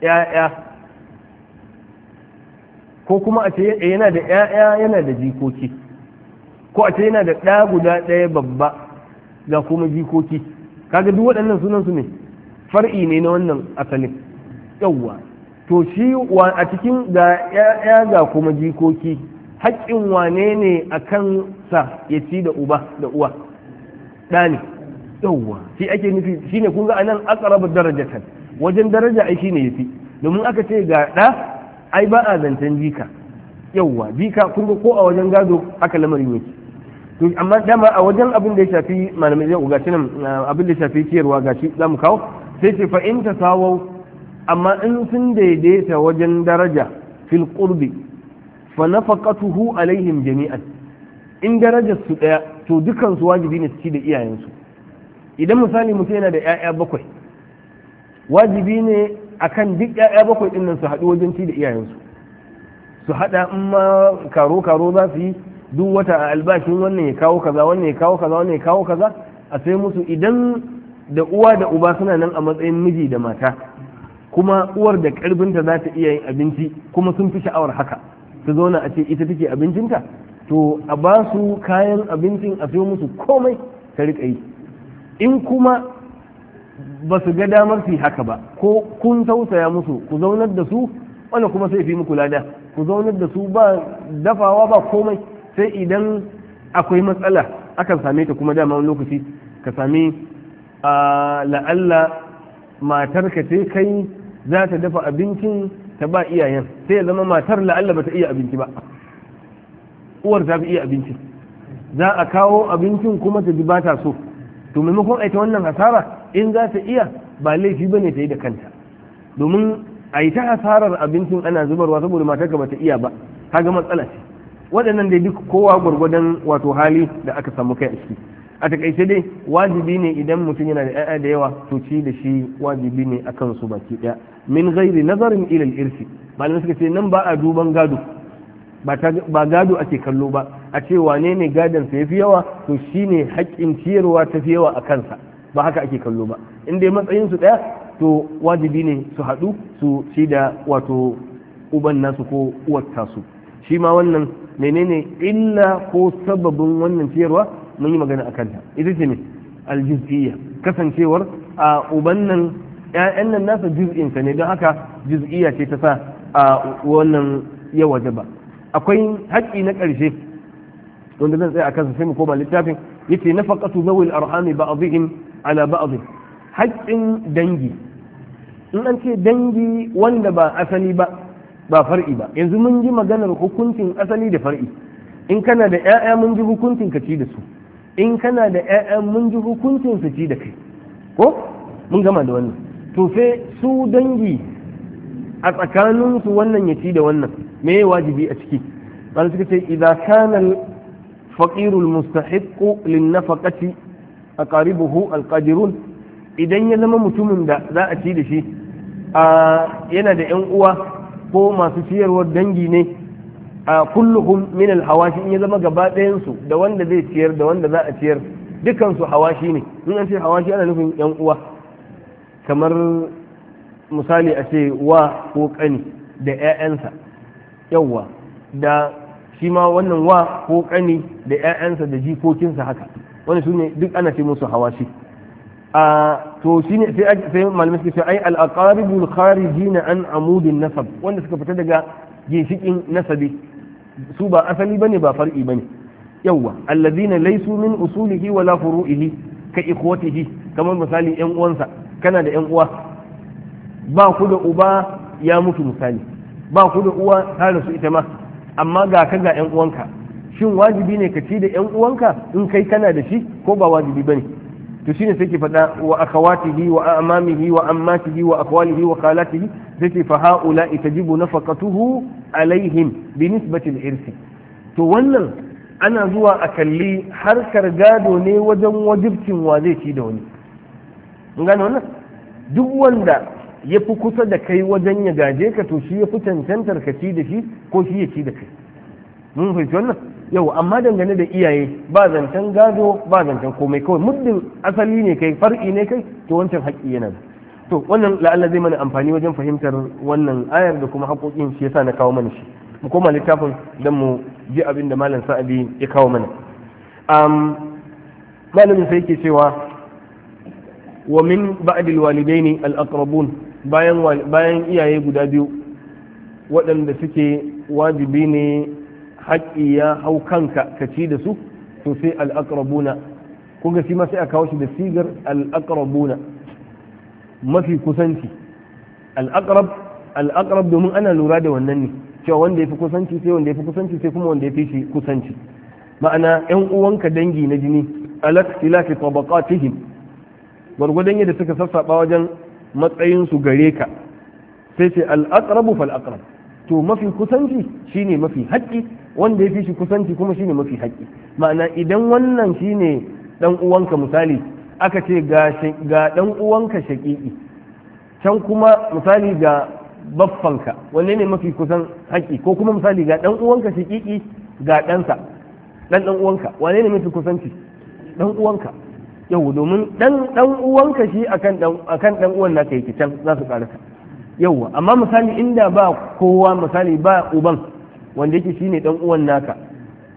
'ya'ya ko kuma a ce yana da 'ya'ya yana da jikoki ko a ce yana da ɗa guda ɗaya babba ga kuma jikoki kaga duk waɗannan sunan su ne far'i ne na wannan asalin yawwa to shi a cikin ga 'ya'ya ga kuma jikoki haƙƙin wane ne a kansa ya ci da uba da uwa ɗa ne yawwa shi ake nufi shine kun ga anan aqrabu darajatan wajen daraja ai shine yafi domin aka ce ga ɗa ai ba a zancen jika yauwa jika kun ga ko a wajen gado haka lamarin ne to amma dama a wajen abin da ya shafi malamai zai shi nan ah, abin da ya shafi ciyarwa ga za mu kawo sai ce fa in ta sawo amma in sun daidaita wajen daraja fil qurbi fa nafaqatuhu alaihim jami'an in darajar su daya to dukan su wajibi ne su ci da iyayensu idan misali mutum yana da 'ya'ya bakwai wajibi ne akan duk 'ya'ya bakwai ɗin nan su haɗu wajen ci da iyayensu su haɗa in ma karo karo za su yi duk wata a albashin wannan ya kawo kaza wannan ya kawo kaza wannan ya kawo kaza a sai musu idan da uwa da uba suna nan a matsayin miji da mata kuma uwar da karbinta za ta iya yin abinci kuma sun fi sha'awar haka su zauna a ce ita take abincinta to a basu kayan abincin a sayo musu komai ta riƙa yi in kuma ba su ga damar su haka ba ko kun tausaya musu ku zaunar da su wanda kuma sai fi muku lada ku zaunar da su ba dafawa ba komai sai idan akwai matsala akan same ta kuma dama wani lokaci ka sami a la'alla matar ka ce kai za ta dafa abincin ta ba iyayen sai ya zama matar la'alla ba ta iya abinci ba uwar ta fi iya abincin za a kawo abincin kuma ta ji ba ta so to maimakon aita wannan hasara in za ta iya ba laifi ba ne ta yi da kanta domin a yi ta hasarar abincin ana zubarwa saboda mata ba ta iya ba ta ga matsala ce waɗannan dai duk kowa gwargwadon wato hali da aka samu kai a ciki a takaice dai wajibi ne idan mutum yana da 'ya'ya da yawa to ci da shi wajibi ne akan su baki ɗaya min ghairi nazarin ilal irsi malamai suka ce nan ba a duban gado ba gado ake kallo ba a ce wane ne gadon sa yafi yawa to shine haƙƙin ciyarwa ta fi yawa a kansa ba haka ake kallo ba in dai matsayin su ɗaya to wajibi ne su haɗu su ci da wato uban nasu ko uwar tasu shi ma wannan menene illa ko sababin wannan ciyarwa mun yi magana a kanta ita ce ne aljiziya kasancewar a uban nan ƴaƴan nan nasa juz'insa ne don haka juz'iyya ce ta sa a wannan ya jaba. akwai haƙƙi na ƙarshe wanda zan tsaya kansa sai mu koma littafin yace na nafaqatu zawil arhami ba'dihim ala ba'd haƙƙin dangi in an ce dangi wanda ba asali ba ba far'i ba yanzu mun ji maganar hukuncin asali da far'i in kana da ƴaƴa mun ji hukuncin ka ci da su in kana da ƴaƴa mun ji hukuncin su ci da kai ko mun gama da wannan to sai su dangi a tsakaninsu wannan ya ci da wannan me wajibi a ciki wanda suka ce idza kana faƙirul mustahiqqu lin nafaqati aqaribuhu alqadirun idan ya zama mutumin da za a ci da shi yana da yan uwa ko masu ciyarwar dangi ne a kulluhum min alhawashi in ya zama gaba ɗayan su da wanda zai ciyar da wanda za ciyar dukan su hawashi ne in an ce hawashi ana nufin yan uwa kamar misali a ko kani da 'ya'yansa yawwa da shi ma wannan wa ko kani da 'ya'yansa da jikokinsa haka wani su ne duk ana ce musu hawashi a to shi ne sai malamai suke ai al-aqaribul kharijina an amudin nasab wanda suka fita daga ginshikin nasabi su ba asali bane ba far'i bane yawwa allazina laysu min usulihi wala furu'ihi ka ikhwatihi kamar misali yan uwansa kana da yan uwa ba ku da uba ya mutu misali ba ku da uwa ta rasu ita ma amma ga ka ga 'yan uwanka shin wajibi ne ka ci da 'yan uwanka in kai kana da shi ko ba wajibi bane to shine sai ke faɗa wa akhawatihi wa amamihi wa ammatihi wa akwalihi wa khalatihi sai ke fa haula tajibu nafaqatuhu alaihim bi nisbati al-irsi to wannan ana zuwa a kalli harkar gado ne wajen wajibcin wa zai ci da wani in duk wanda ya fi kusa da kai wajen ya gaje ka to shi ya fi cancantar ka ci da shi ko shi ya ci da kai mun fahimci wannan yau amma dangane da iyaye ba zancen gado ba zancen komai kawai muddin asali ne kai far'i ne kai to wancan haƙƙi yana da to wannan la'alla zai mana amfani wajen fahimtar wannan ayar da kuma haƙoƙin shi yasa na kawo mana shi mu koma littafin don mu ji abin da malam sa'adi ya kawo mana malamin sai yake cewa wa min الوالدين walidaini al bayan iyaye guda biyu waɗanda suke wajibi ne haƙƙi ya hau kanka ka ci da su to sai al'akrabuna kun shi ma sai a kawo shi da sigar al'akrabuna mafi kusanci al'akrab al'akrab domin ana lura da wannan ne cewa wanda ya fi kusanci sai wanda ya fi kusanci sai kuma wanda ya fi shi kusanci ma'ana yan uwanka dangi na jini alak tilafi tabaqatihim gwargwadon yadda suka sassaɓa wajen matsayinsu gare ka sai ce al'aqrabu fal aqrab to mafi kusanci shine mafi haƙƙi wanda ya fi shi kusanci kuma shine mafi haƙƙi ma'ana idan wannan shine dan uwanka misali aka ce ga ga dan uwanka shaƙiƙi can kuma misali ga baffanka wanne ne mafi kusan haƙƙi ko kuma misali ga dan uwanka shaƙiƙi ga ɗansa dan dan uwanka wanne ne mafi kusanci dan uwanka yau domin dan uwanka shi akan dan dan uwan naka kai can za su karasa yauwa amma misali inda ba kowa misali ba uban wanda yake shine dan uwan naka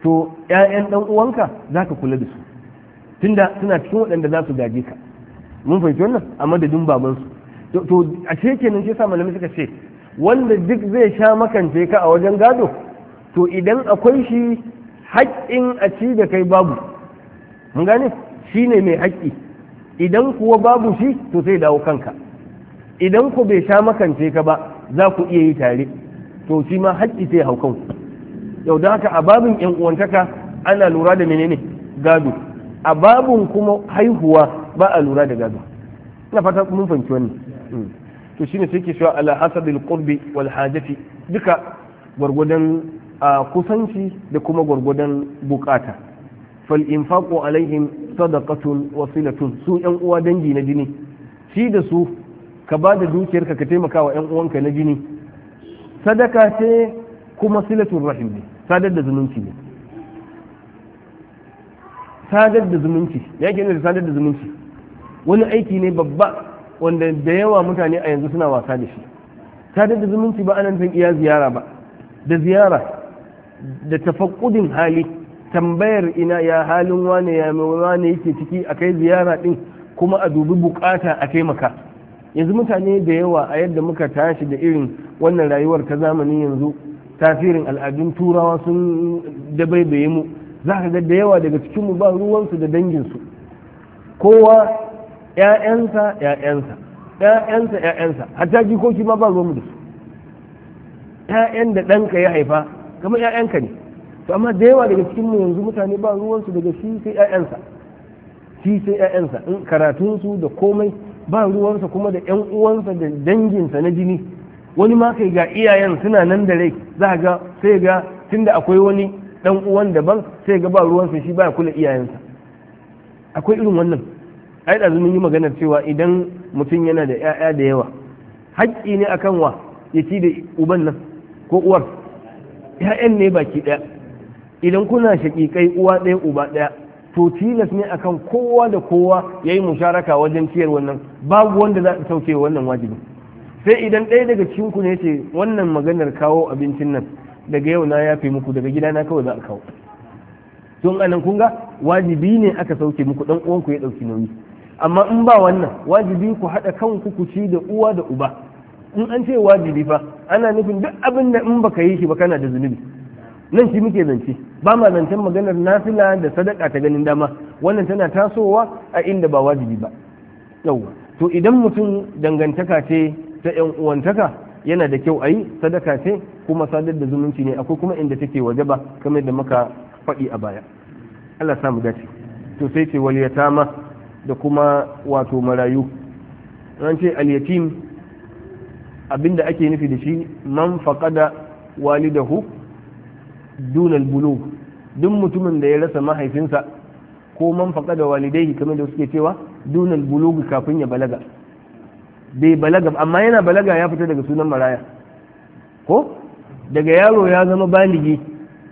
to ƴaƴan dan uwanka zaka kula da su tunda suna cikin waɗanda za su gaje ka mun fahimci wannan a madadin su. to a ce kenan shi sa malamai suka ce wanda duk zai sha makance ka a wajen gado to idan akwai shi haƙƙin a ci da kai babu mun gane Shi ne mai haƙƙi idan kuwa babu shi to sai dawo kanka idan ku bai sha makance ka ba za ku iya yi tare to shi ma haƙƙi sai hau kanku yau da haka a babin yan uwantaka ana lura da menene gado a babin kuma haihuwa ba a lura da gado ina fata mun fahimci wannan mm. to shine sai ke shi ala hasabil qurbi wal hajati duka gwargwadon ah, kusanci da kuma gwargwadon bukata fal'infaƙo alaihim Sadakatun, wasilatun su ‘yan uwa dangi na jini shi da su ka ba da dukiyarka ka taimaka wa ‘yan uwanka na jini sadaka ce kuma silatun rahim ne sadar da zumunci ne ya ke da sadar da zumunci wani aiki ne babba wanda da yawa mutane a yanzu suna wasa da shi sadar da zumunci ba anan zan iya ziyara ba da ziyara da hali tambayar ina ya halin wane ya wane yake ciki a kai ziyara din kuma a dubi bukata a taimaka yanzu mutane da yawa a yadda muka tashi da irin wannan rayuwar ta zamani yanzu tasirin al'adun turawa sun dabaibaye mu za ka ga da yawa daga cikinmu ba ruwansu da danginsu kowa ‘ya'yansa ‘ya'yansa ‘ya'yansa ‘ya'yansa hatta jikoki ma ba ruwanmu da su ‘ya'yan da ɗanka ya haifa kamar ‘ya'yanka ne to amma da yawa daga cikin mu yanzu mutane ba ruwansu daga shi sai ƴaƴansa shi sai ƴaƴansa in karatunsu da komai ba ruwansa kuma da ƴan uwansa da danginsa na jini wani ma kai ga iyayen suna nan da rai za ga sai ga tunda akwai wani dan uwan daban sai ga ba ruwansa shi ba kula iyayensa akwai irin wannan ai da mun yi magana cewa idan mutum yana da ƴaƴa da yawa haƙƙi ne akan wa ya da uban nan ko uwar ƴaƴan ne baki ɗaya idan kuna kai uwa ɗaya uba ɗaya to tilas ne akan kowa da kowa ya yi musharaka wajen ciyar wannan babu wanda za a sauke wannan wajibin sai idan ɗaya daga cikin ne ce wannan maganar kawo abincin nan daga yau na yafe muku daga gida na kawai za a kawo tun anan kun ga wajibi ne aka sauke muku dan uwanku ya ɗauki nauyi amma in ba wannan wajibi ku haɗa kanku ku ci da uwa da uba in an ce wajibi fa ana nufin duk abin da in baka yi shi ba kana da zunubi nan shi muke zance ba ma zancen maganar nafila da sadaka ta ganin dama wannan tana tasowa a inda ba wajibi ba yauwa to idan mutum dangantaka ce ta yan uwantaka yana da kyau a yi sadaka ce kuma sadar da zumunci ne akwai kuma inda take waje ba kamar yadda muka faɗi a baya Allah samu dace to sai ce wal yatama da kuma wato marayu an ce al yatim abinda ake nufi da shi man faqada walidahu dunal bulu duk mutumin da ya rasa mahaifinsa ko man faƙa da walidai kamar da suke cewa dunal bulu kafin ya balaga bai balaga amma yana balaga ya fita daga sunan maraya ko daga yaro ya zama baligi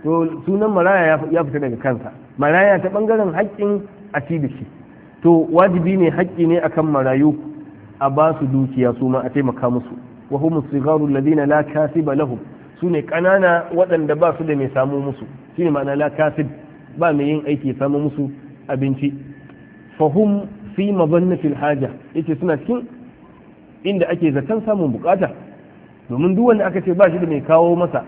to sunan maraya ya fita daga kansa maraya ta bangaren haƙƙin shi to wajibi ne haƙƙi ne akan marayu a ba su dukiya su ma a taimaka musu wa humu sigaru alladhina la kasiba lahum su ne ƙanana waɗanda ba su da mai samu musu shi ne ma'ana la kasib ba mai yin aiki samu musu abinci fahum fi mabannatil haja yace suna cikin inda ake zaton samun bukata domin duk wanda aka ce ba shi da mai kawo masa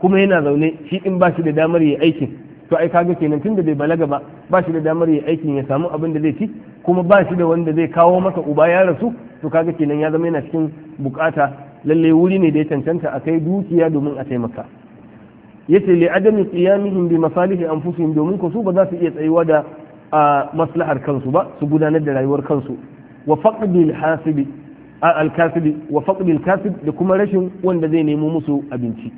kuma yana zaune shi din ba shi da damar yi aikin to ai kaga kenan tunda da bai balaga ba ba shi da damar yi aikin ya samu abin da zai ci kuma ba shi da wanda zai kawo masa uba ya rasu to kaga kenan ya zama yana cikin bukata lalle wuri ne da ya cancanta a kai dukiya domin a taimaka yace li adami qiyamihim bi masalihi anfusihim domin ko su ba za su iya tsayuwa da maslahar kansu ba su gudanar da rayuwar kansu wa faqdil hasibi al-kasibi wa kasib da kuma rashin wanda zai nemo musu abinci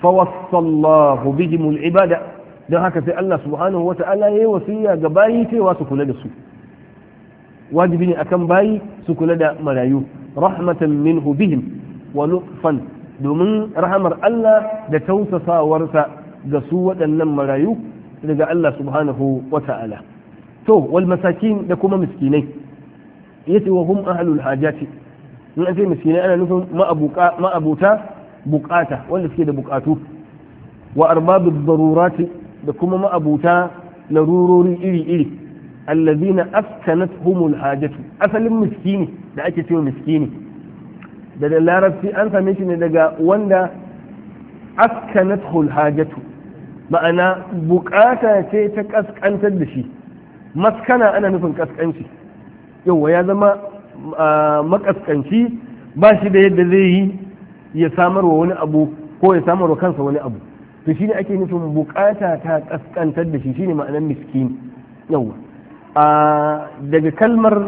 fa wasallahu bihim al-ibada dan haka sai Allah subhanahu wa ta'ala yayi wasiya ga bayi cewa su kula da su wajibi ne akan bayi su kula da marayu rahmatan minhu bihim wa lutfan domin rahamar Allah da tausasawarsa ga su waɗannan marayu daga Allah subhanahu wa ta'ala to wal masakin da kuma miskinai yace wa hum ahlul hajati in an ce miskinai ana nufin ma'abuta buƙata, wanda suke da buƙatu. wa arbabu darurati da kuma ma'abuta larurori iri-iri allazina askanat humul hajatu asalin miskini da ake cewa miskini da da larabci an same shi ne daga wanda askanat hajatu ma'ana bukata ce ta kaskantar da shi maskana ana nufin kaskanci yauwa ya zama makaskanci ba shi da yadda zai yi ya samarwa wani abu ko ya samarwa kansa wani abu to shi ne ake nufin bukata ta kaskantar da shi shine ma'anar miskin yauwa daga kalmar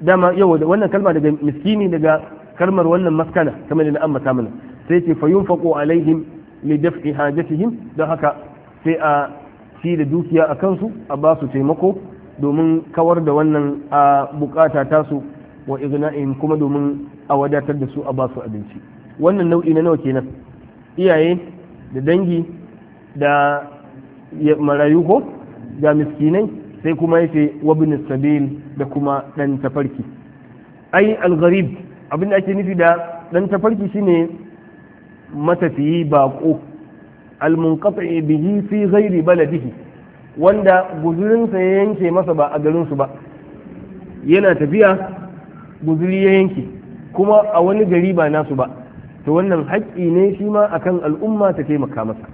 dama yauwa wannan kalma daga miskini daga kalmar wannan maskana kamar da na mata mana sai ce fayun faƙo alaihim li daf'i hajatihim don haka sai a ci da dukiya a kansu a ba su taimako domin kawar da wannan a bukata su wa izna'in kuma domin a wadatar da su a ba su abinci wannan nau'i na nawa kenan iyaye da dangi da marayu ko da miskinai sai kuma yace wabin sabil da kuma dan tafarki ai al-gharib Abin da ake nufi da dan tafarki shine matafiyi bako almunqati bihi fi ghairi baladihi wanda guzurinsa ya yanke masa ba a garinsu ba yana tafiya guzuri ya yanke kuma a wani gari ba nasu ba to wannan haƙƙi ne shi ma akan al'umma ta taimaka masa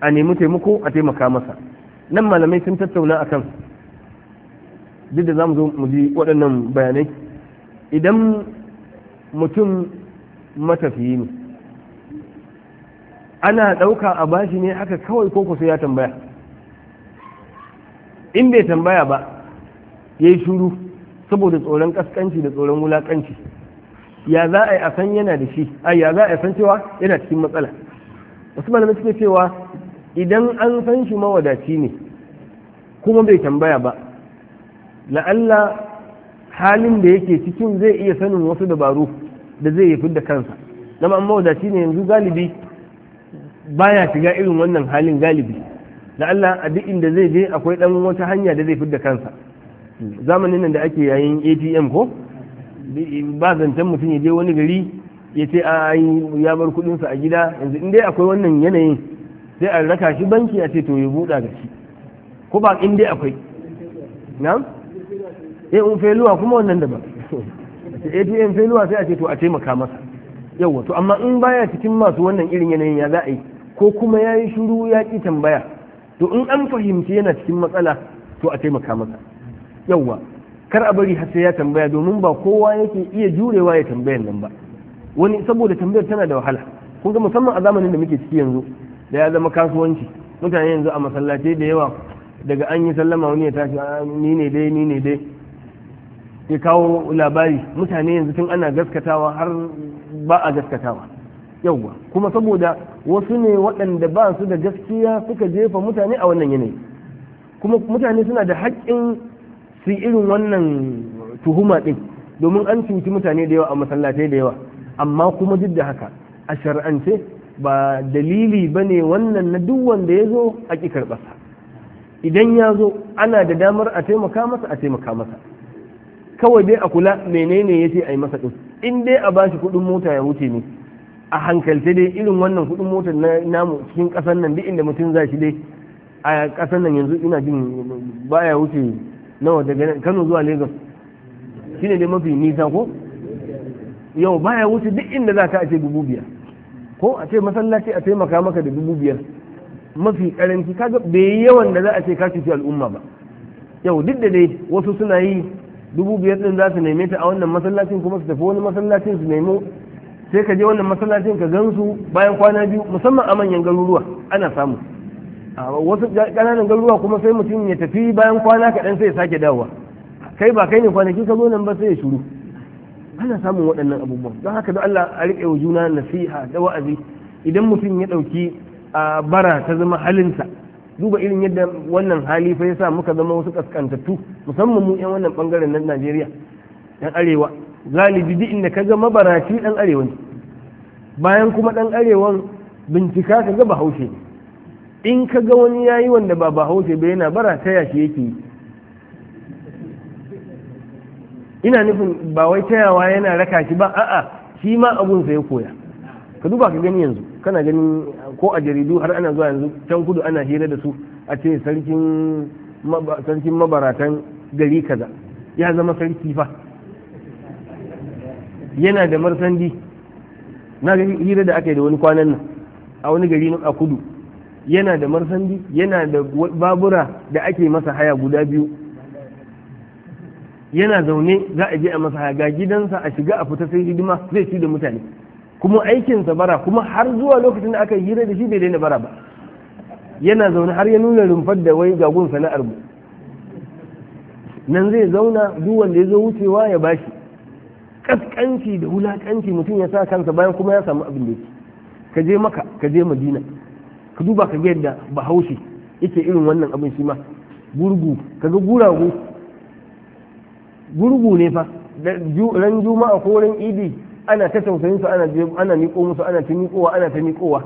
a nemi taimako a taimaka masa nan malamai sun tattauna akan duk da za mu zo mu ji waɗannan bayanai idan mutum matafiyi ne ana ɗauka a bashi ne haka kawai ko kusa ya tambaya in bai tambaya ba ya yi shuru saboda tsoron kaskanci da tsoron wulakanci ya za a yi a san yana da shi a ya za a yi san cewa yana cikin matsala wasu malamai suke cewa idan an san shi mawadaci ne kuma bai tambaya ba la'alla halin da yake cikin zai iya sanin wasu dabaru da zai yi da kansa dama amma shi ne yanzu galibi baya shiga irin wannan halin galibi da Allah a duk inda zai je akwai dan wata hanya da zai fi da kansa zamanin nan da ake yayin ATM ko ba zancen mutum ya je wani gari ya ce a yi ya bar kudinsa a gida yanzu in dai akwai wannan yanayin sai a raka shi banki a ce to ya buɗa ga shi ko ba in dai akwai na'am ya eh, in feluwa kuma wannan da ba eh to in feluwa sai a ce to a taimaka masa yawa to amma in baya cikin masu wannan irin yanayin ya za yi ko kuma ya yi shiru ya ki tambaya to in an fahimci yana cikin matsala to a taimaka masa yawa kar a bari har sai ya tambaya domin ba kowa yake iya jurewa ya tambayar nan ba wani saboda tambayar tana da wahala kun ga musamman a zamanin da muke ciki yanzu da ya zama kasuwanci mutane yanzu a masallatai da yawa daga an yi sallama wani ya tashi ah, ni ne dai ni ne dai ya kawo labari mutane yanzu tun ana gaskatawa har ba a gaskatawa yauwa kuma saboda wasu ne waɗanda ba su da gaskiya suka jefa mutane a wannan yanayi kuma mutane suna da haƙƙin su irin wannan tuhuma ɗin domin an cuci mutane da yawa a masallatai da yawa amma kuma duk da haka a shar'ance ba dalili ba ne wannan na duk wanda ya zo a ƙi karɓarsa idan ya zo ana da damar a taimaka masa a taimaka masa kawai dai a kula menene ya ce a yi masa ɗin in dai a bashi kuɗin mota ya wuce ne a hankalce dai irin wannan kuɗin motar na namu cikin ƙasar nan duk inda mutum za shi dai a ƙasar nan yanzu ina jin baya wuce nawa daga Kano zuwa Lagos shine dai mafi nisa ko yau baya wuce duk inda za ka a ce dubu biyar ko a ce masallaci a taimaka maka da dubu biyar mafi karanci kaga bai yawan da za a ce ka fi al'umma ba yau duk da dai wasu suna yi dubu biyar din za su neme ta a wannan masallacin kuma su tafi wani masallacin su nemo sai ka je wannan masallacin ka gansu bayan kwana biyu musamman a manyan garuruwa ana samu a wasu ƙananan garuruwa kuma sai mutum ya tafi bayan kwana kaɗan sai ya sake dawowa kai ba kai ne kwanaki ka zo nan ba sai ya shiru ana samun waɗannan abubuwan don haka da Allah a riƙe wa juna nasiha da wa'azi idan mutum ya ɗauki a bara ta zama halinsa duba irin yadda wannan hali fa yasa muka zama wasu kaskantattu musamman mu yan wannan bangaren na Najeriya dan arewa galibi duk inda kaga mabaraci dan arewa ne bayan kuma dan arewan bincika kaga bahaushe ne in kaga wani yayi wanda ba bahaushe ba yana bara taya shi yake ina nufin ba wai tayawa yana raka shi ba a'a shi ma abun sai ya koya ka duba ka gani yanzu kana ganin ko a jaridu har ana zuwa yanzu can kudu ana hira da su a ce sarkin mabaratan gari kaza ya zama sarki fa yana da marsandi na ga hira da aka yi da wani kwanan nan a wani gari a kudu yana da marsandi yana da babura da ake masa haya guda biyu yana zaune za a je a masa haya ga gidansa a shiga a fita sai hidima zai ci da mutane kuma aikinsa bara kuma har zuwa lokacin da aka yi hira da shi bai daina bara ba yana zaune har ya nuna rumfar da wai gagun sana'ar mu nan zai zauna duk wanda ya zo wucewa ya bashi kaskanci da wulakanci mutum ya sa kansa bayan kuma ya samu abin da yake ka je maka ka je madina ka duba ka ga yadda bahaushe yake irin wannan abin shi ma gurgu ka ga guragu gurgu ne fa ran juma'a ko ran idi ana ta tausayin su ana je ana miƙo musu ana ta miƙowa ana ta miƙowa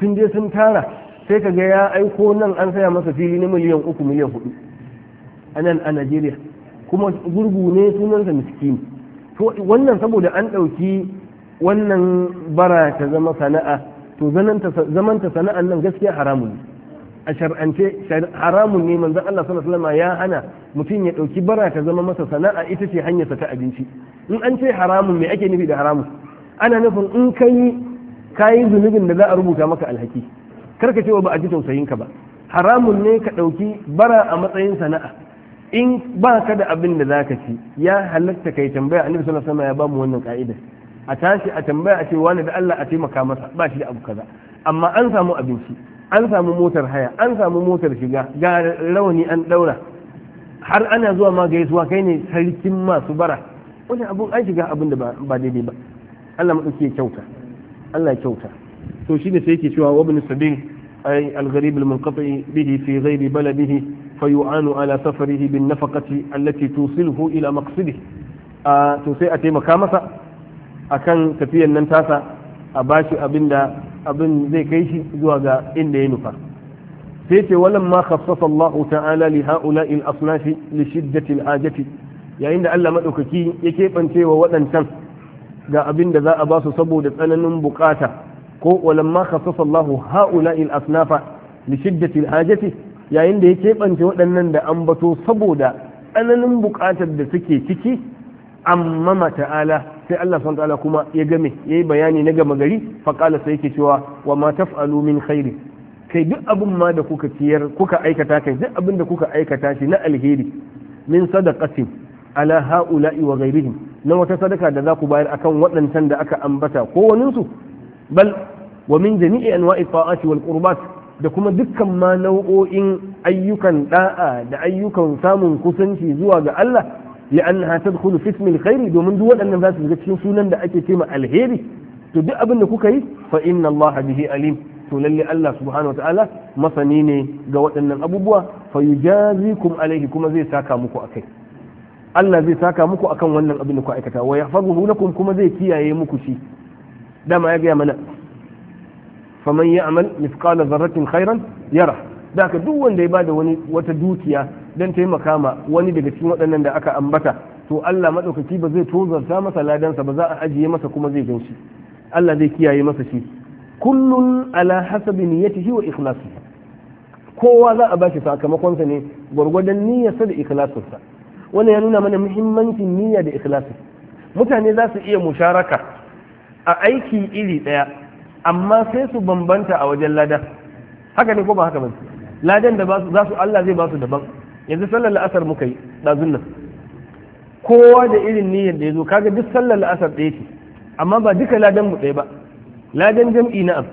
sun je sun tara sai ka ga ya aiko nan an saya masa fili na miliyan uku miliyan hudu a nan a Najeriya kuma gurgu ne sunansa miskini to wannan saboda an ɗauki wannan bara ta zama sana'a to zamanta sana'an nan gaskiya haramun ne a shar'ance haramun ne manzon Allah sallallahu alaihi ya hana mutum ya ɗauki bara ta zama masa sana'a ita ce hanyarsa ta abinci in an ce haramun me ake nufi da haramun ana nufin in kai kayi zunubin da za a rubuta maka alhaki karka cewa ba a ji tausayin ka ba haramun ne ka ɗauki bara a matsayin sana'a in ba ka da abin da zaka ci ya halatta kai tambaya annabi sallallahu alaihi ya ba wannan ka'ida a tashi a tambaya a ce wani da Allah a taimaka masa ba shi da abu kaza amma an samu abinci an samu motar haya an samu motar shiga ga rawani an daura har ana zuwa ma gaisuwa kai ne sarkin masu bara wani abun an shiga abin da ba daidai ba Allah madauki kyauta Allah kyauta to shine sai yake cewa wa ibn sabil ay al-gharib al-munqati bihi fi ghayri baladihi yu'anu ala safarihi bin nafaqati allati tusilhu ila a to sai a taimaka masa akan tafiyan nan tasa a bashi abinda abin zai kai shi zuwa ga inda ya nufa sai ce walan ma khassasa Allah ta'ala li ha'ula'i al-asnaf li shiddati al-ajati yayin da Allah madaukaki ya keɓance wa waɗancan ga abin da za a ba su saboda tsananin bukata ko walan ma khassasa Allah ha'ula'i al-asnaf li shiddati al-ajati yayin da ya keɓance waɗannan da an bato saboda tsananin bukatar da suke ciki amma ta'ala sai Allah subhanahu ta'ala kuma ya game yayi bayani na gama gari fa sai yake cewa wa ma taf'alu min khairi kai duk abin ma da kuka ciyar kuka aikata kai duk abin da kuka aikata shi na alheri min sadaqatin ala ha'ula'i wa ghairihim na wata sadaka da za ku bayar akan waɗancan da aka ambata ko su bal wa min jami'i anwa'i ta'ati wal qurbat da kuma dukkan ma nau'o'in ayyukan da'a da ayyukan samun kusanci zuwa ga Allah li'annaha tadkhulu fi ismi kairi domin duk waɗannan za su shiga cikin sunan da ake cewa alheri to duk abin da kuka yi fa inna allaha bihi alim to lalle Allah subhanahu wataala masani ne ga waɗannan abubuwa fa yujazikum alaihi kuma zai saka muku akai Allah zai saka muku akan wannan abin da ku aikata wa yahfazuhu lakum kuma zai kiyaye muku shi dama ya gaya mana ya amal mithqala dharratin khairan yara da haka duk wanda ya bada wani wata dukiya don taimaka ma wani daga cikin waɗannan da aka ambata to Allah maɗaukaki ba zai tozarta masa ladansa ba za a ajiye masa kuma zai gan shi Allah zai kiyaye masa shi kullun ala hasabi niyyatihi wa ikhlasi kowa za a bashi sakamakonsa ne gwargwadon niyyarsa da ikhlasinsa wannan ya nuna mana muhimmancin niyya da ikhlasi mutane za su iya musharaka a aiki iri ɗaya amma sai su bambanta a wajen lada haka ne ko ba haka ba ladan da za su Allah zai ba su daban yanzu sallar la'asar muka yi ɗazun nan kowa da irin niyyar da ya zo kaga duk sallar la'asar ɗaya ce amma ba duka ladan mu ɗaya ba ladan jam'i am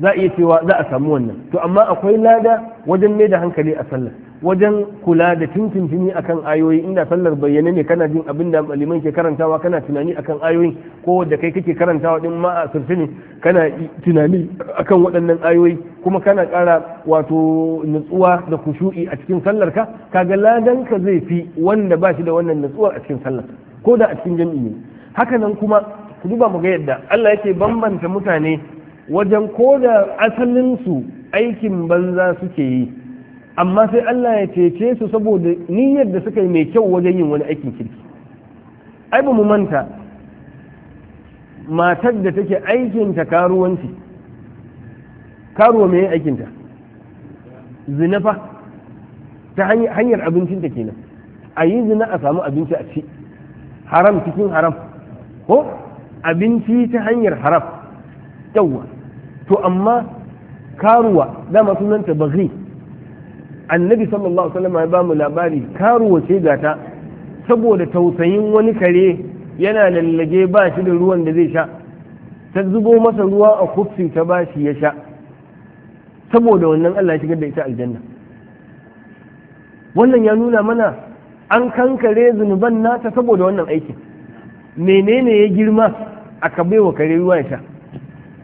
za a iya cewa za a samu wannan to amma akwai lada wajen mai da hankali a sallar wajen kula da tuntuntuni akan ayoyi inda sallar bayyane ne kana jin abin da maliman ke karantawa kana tunani akan ayoyin ko da kai kake karantawa din ma a surtuni kana tunani akan waɗannan ayoyi kuma kana ƙara wato nutsuwa da kushu'i a cikin sallar ka kaga ladan ka zai fi wanda ba shi da wannan nutsuwar a cikin sallar ko da a cikin jam'i ne haka nan kuma ku duba mu ga yadda Allah yake bambanta mutane wajen ko da asalin su aikin banza suke yi amma sai Allah ya cece su saboda niyyar da suka yi mai kyau wajen yin wani aikin kirki ai ba mu manta matar da take aikinta karuwanci karuwa mai aikinta zinafa ta hanyar abincinta kenan a yi zina a samu abinci a ci haram cikin haram ko abinci ta hanyar haram yawwa to amma karuwa dama sunanta baghi annabi sallallahu alaihi wasallam ya bamu labari karuwa wace gata saboda tausayin wani kare yana lallage ba shi da ruwan da zai sha ta zubo masa ruwa a kufsi ta ba shi ya sha saboda wannan Allah ya shigar da ita aljanna wannan ya nuna mana an kankare zunuban nata saboda wannan aiki menene ya girma a kabewa kare ruwa ya sha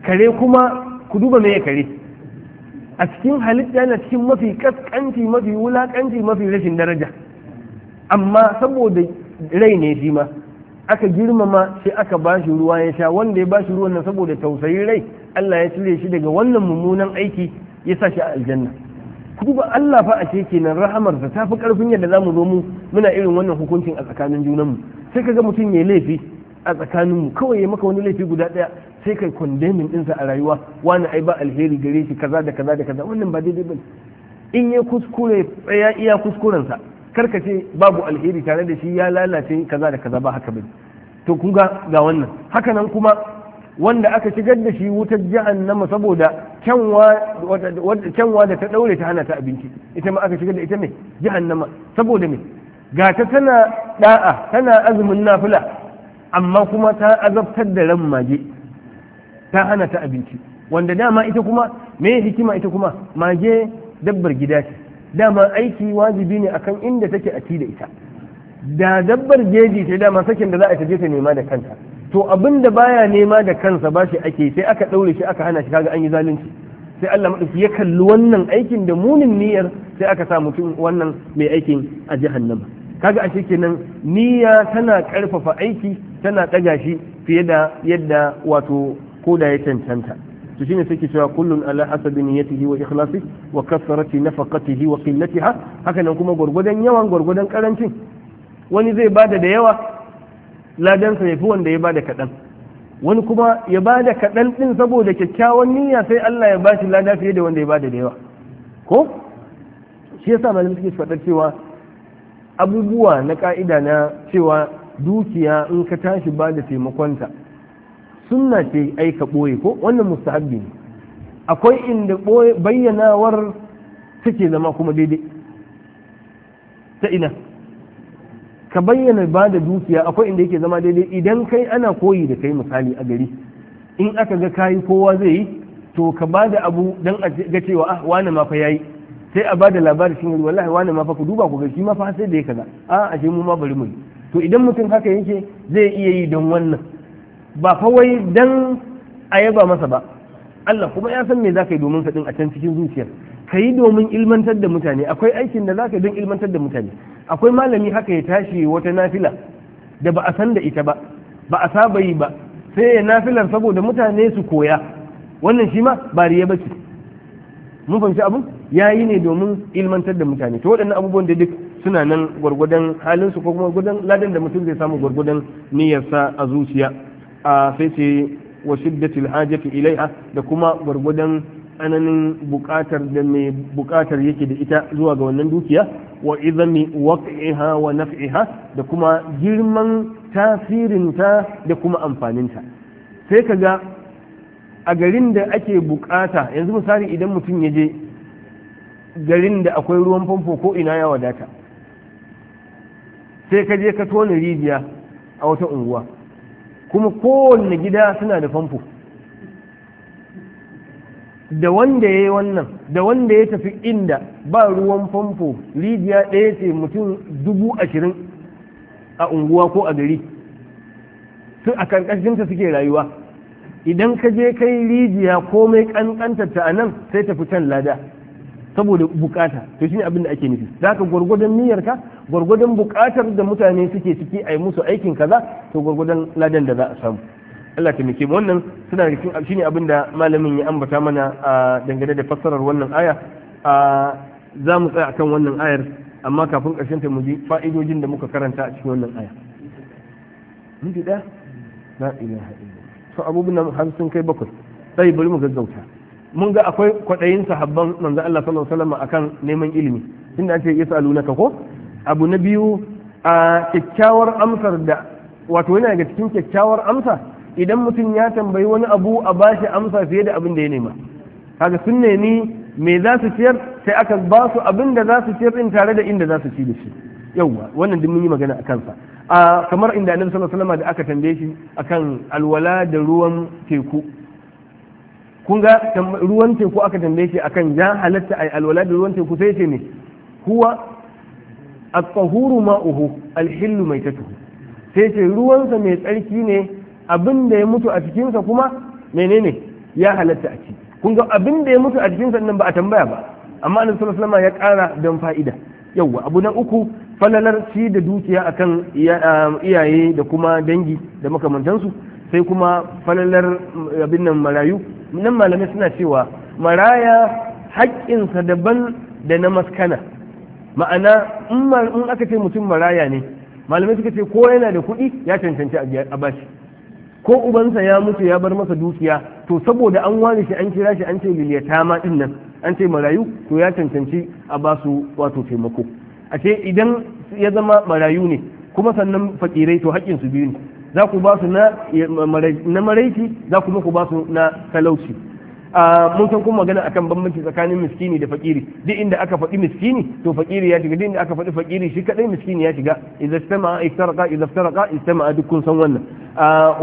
kare kuma ku duba me ya kare a cikin halitta yana cikin mafi kaskanci mafi wulakanci mafi rashin daraja amma saboda rai ne shi ma aka girmama shi aka ba shi ruwa ya sha wanda ya ba shi ruwan nan saboda tausayin rai Allah ya cire shi daga wannan mummunan aiki ya sa shi a aljanna duba Allah fa a ce kenan rahamarsa ta fi karfin yadda zamu zo mu muna irin wannan hukuncin a tsakanin junanmu sai kaga mutum ya laifi a tsakaninmu kawai ya maka wani laifi guda ɗaya. sai kai kundemin ɗinsa a rayuwa wani ai ba alheri gare shi kaza da kaza da kaza wannan ba daidai ba in ya kuskure ya iya sa karka ce babu alheri tare da shi ya lalace kaza da kaza ba haka bane to kun ga ga wannan haka nan kuma wanda aka shigar da shi wutar jahannama saboda kyanwa da ta daure ta hana ta abinci ita ma aka shigar da ita ne jahannama saboda me ga ta tana da'a tana azumin nafila amma kuma ta azabtar da ran mage ta hana ta abinci wanda dama ita kuma me hikima ita kuma mage dabbar gida ce dama aiki wajibi ne akan inda take a da ita da dabbar jeji ce dama sakin da za a taje ta nema da kanta to abin da baya nema da kansa ba shi ake sai aka ɗaure shi aka hana shi kaga an yi zalunci sai Allah maɗauki ya kalli wannan aikin da munin niyyar sai aka sa mutum wannan mai aikin a jahannama kaga ashe kenan niyya tana karfafa aiki tana ɗaga shi fiye da yadda wato ko da ya cancanta to shine sai ki cewa kullun ala hasabi niyyatihi wa ikhlasi wa kasrati nafaqatihi wa qillatiha haka nan kuma gurgudan yawan gurgudan karancin wani zai bada da yawa ladan sa yafi wanda ya bada kadan wani kuma ya bada kadan din saboda kyakkyawan niyya sai Allah ya bashi lada fiye da wanda ya bada da yawa ko shi yasa malamin suke faɗa cewa abubuwa na ka'ida na cewa dukiya in ka tashi ba da taimakonta sunna ce ai ka ɓoye ko wannan mustahabbi ne akwai inda bayyanawar take zama kuma daidai ta ina ka bayyana ba da dukiya akwai inda yake zama daidai idan kai ana koyi da kai misali a gari in aka ga kayi kowa zai yi to ka ba da abu dan a ga cewa ah wani ma fa yayi sai a ba da labarin shi wallahi wani ma fa ku duba ku ga shi ma fa sai da ya kaza a ah, ashe mu ma bari mu to idan mutum haka yake zai iya yi don wannan ba kawai dan a yaba masa ba Allah kuma ya san me za ka yi domin faɗin a can cikin zuciyar ka yi domin ilmantar da mutane akwai aikin da za ka yi don ilmantar da mutane akwai malami haka ya tashi wata nafila da ba a san da ita ba ba a saba yi ba sai ya nafilar saboda mutane su koya wannan shi ma ba riya bace mun fahimci abu ya yi ne domin ilmantar da mutane to waɗannan abubuwan da duk suna nan gwargwadon halinsu ko kuma gwargwadon ladan da mutum zai samu gwargwadon niyyarsa a zuciya a sai ce wa shiddatil hajati ilaiha da kuma gwargwadon tsananin buƙatar da mai buƙatar yake da ita zuwa ga wannan dukiya wa izami waqiha wa naf'iha da kuma girman tasirinta da kuma amfaninta sai ka ga a garin da ake buƙata yanzu misali idan mutum ya je garin da akwai ruwan famfo ko ina ya wadata sai ka je ka tona rijiya a wata unguwa kuma kowane gida suna da famfo da wanda ya yi wannan da wanda ya tafi inda ba ruwan famfo rijiya ɗaya ce mutum dubu ashirin a unguwa ko a gari su a karkashinta suke rayuwa idan ka je kai rijiya komai kankantarta a nan sai tafi can lada saboda bukata to shine abin da ake nufi zaka gwargwadon niyyarka gwargwadon bukatar da mutane suke ciki a yi musu aikin kaza to gwargwadon ladan da za a samu Allah ta muke wannan suna da cikin shine abin da malamin ya ambata mana a dangane da fassarar wannan aya a za mu tsaya akan wannan ayar amma kafin ƙarshen ta mu ji fa'idojin da muka karanta a cikin wannan aya mun ji da ilaha illallah to abubuwan har sun kai bakwai sai bari mu gaggauta mun ga akwai kwaɗayin sahabban manzo Allah sallallahu alaihi wasallam akan neman ilimi inda ake ka ko abu na biyu a kyakkyawar amsar da wato yana daga cikin kyakkyawar amsa idan mutum ya tambayi wani abu a bashi amsa fiye da abin da ya nema kaga sun nemi me za su ciyar sai aka ba su abin da za su ciyar din tare da inda za su ci da shi yauwa wannan duk mun yi magana a kansa a kamar inda annabi sallallahu alaihi wasallam da aka tambaye shi akan alwala da ruwan teku kun ga ruwan teku aka tambaye shi akan ya halatta ai alwala da ruwan teku sai ce ne huwa at-tahuru ma'uhu al-hillu maitatu sai ce ruwansa mai tsarki ne abin da ya mutu a cikinsa kuma menene ya halatta a ci kun ga abin da ya mutu a cikinsa nan ba a tambaya ba amma annabi sallallahu alaihi wasallam ya kara don fa'ida yawwa abu na uku falalar shi da dukiya akan um, iyaye da kuma dangi da makamantansu sai kuma falalar abin nan marayu nan malamai suna cewa maraya haƙƙinsa daban da na maskana ma'ana in aka ce mutum maraya ne malamai suka ce ko yana da kuɗi ya cancanci a bashi ko ubansa ya mutu ya bar masa dukiya to saboda an ware shi an kira shi an ce liliyata ma din nan an ce marayu to ya cancanci a basu wato taimako a ce idan ya zama marayu ne kuma sannan fakirai to haƙƙinsu su biyu ne za ku ba su na maraici za kuma ku ba su na talauci mun san kuma magana akan bambanci tsakanin miskini da fakiri duk inda aka faɗi miskini to fakiri ya shiga duk inda aka faɗi fakiri shi kadai miskini ya shiga idza istama'a iftaraqa idza iftaraqa istama'a duk kun san wannan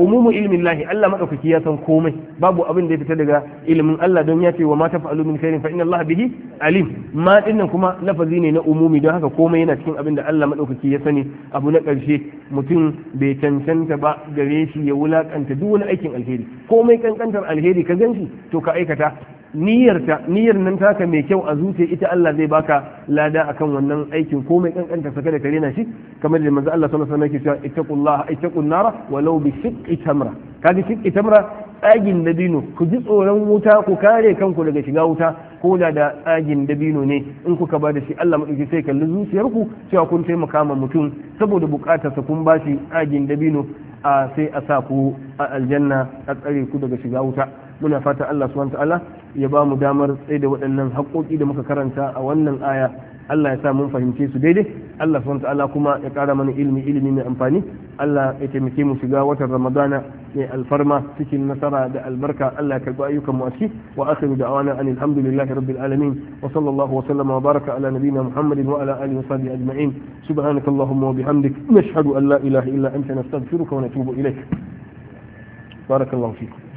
umumu ilmin lahi Allah madaukaki ya san komai babu abin da ya fita daga ilimin Allah don ya ce wa ma tafa'alu min khairin fa inna Allah bihi alim ma dinnan kuma lafazi ne na umumi don haka komai yana cikin abin da Allah madaukaki ya sani abu na karshe mutum bai cancanta ba gare shi ya wulakanta duk wani aikin alheri komai kankantar alheri ka ganshi to ka aikata niyyarta niyyar nan taka mai kyau a zuciya ita Allah zai baka lada akan wannan aikin ko mai kankanta saka da karena shi kamar da manzo Allah sallallahu alaihi wasallam yake cewa ittaqullaha ittaqun nara walau bi shiqqi tamra kaji shiqqi tamra tsagin dabino ku ji tsoron wuta ku kare kanku daga shiga wuta ko da da tsagin dabino ne in kuka ba da shi Allah madauki sai kalli zuciyarku cewa kun taimaka ma mutum saboda bukatar sa kun ba shi tsagin dabino a sai a sa ku a aljanna a tsare ku daga shiga wuta muna fata Allah subhanahu ta'ala ya ba mu damar tsaye da waɗannan haƙoƙi da muka karanta a wannan aya Allah ya sa mun fahimce su daidai Allah subhanahu ta'ala kuma ya ƙara mana ilimi ilimi mai amfani Allah ya taimake mu shiga watan Ramadana mai alfarma cikin nasara da albarka Allah ya karɓi ayyukan mu a ciki wa akhiru da'wana anil hamdulillahi rabbil alamin wa sallallahu wa sallama wa baraka ala nabiyyina Muhammadin wa ala alihi wa sahbihi ajma'in subhanakallahumma wa bihamdik nashhadu an la ilaha illa anta nastaghfiruka wa natubu ilayk بارك الله فيكم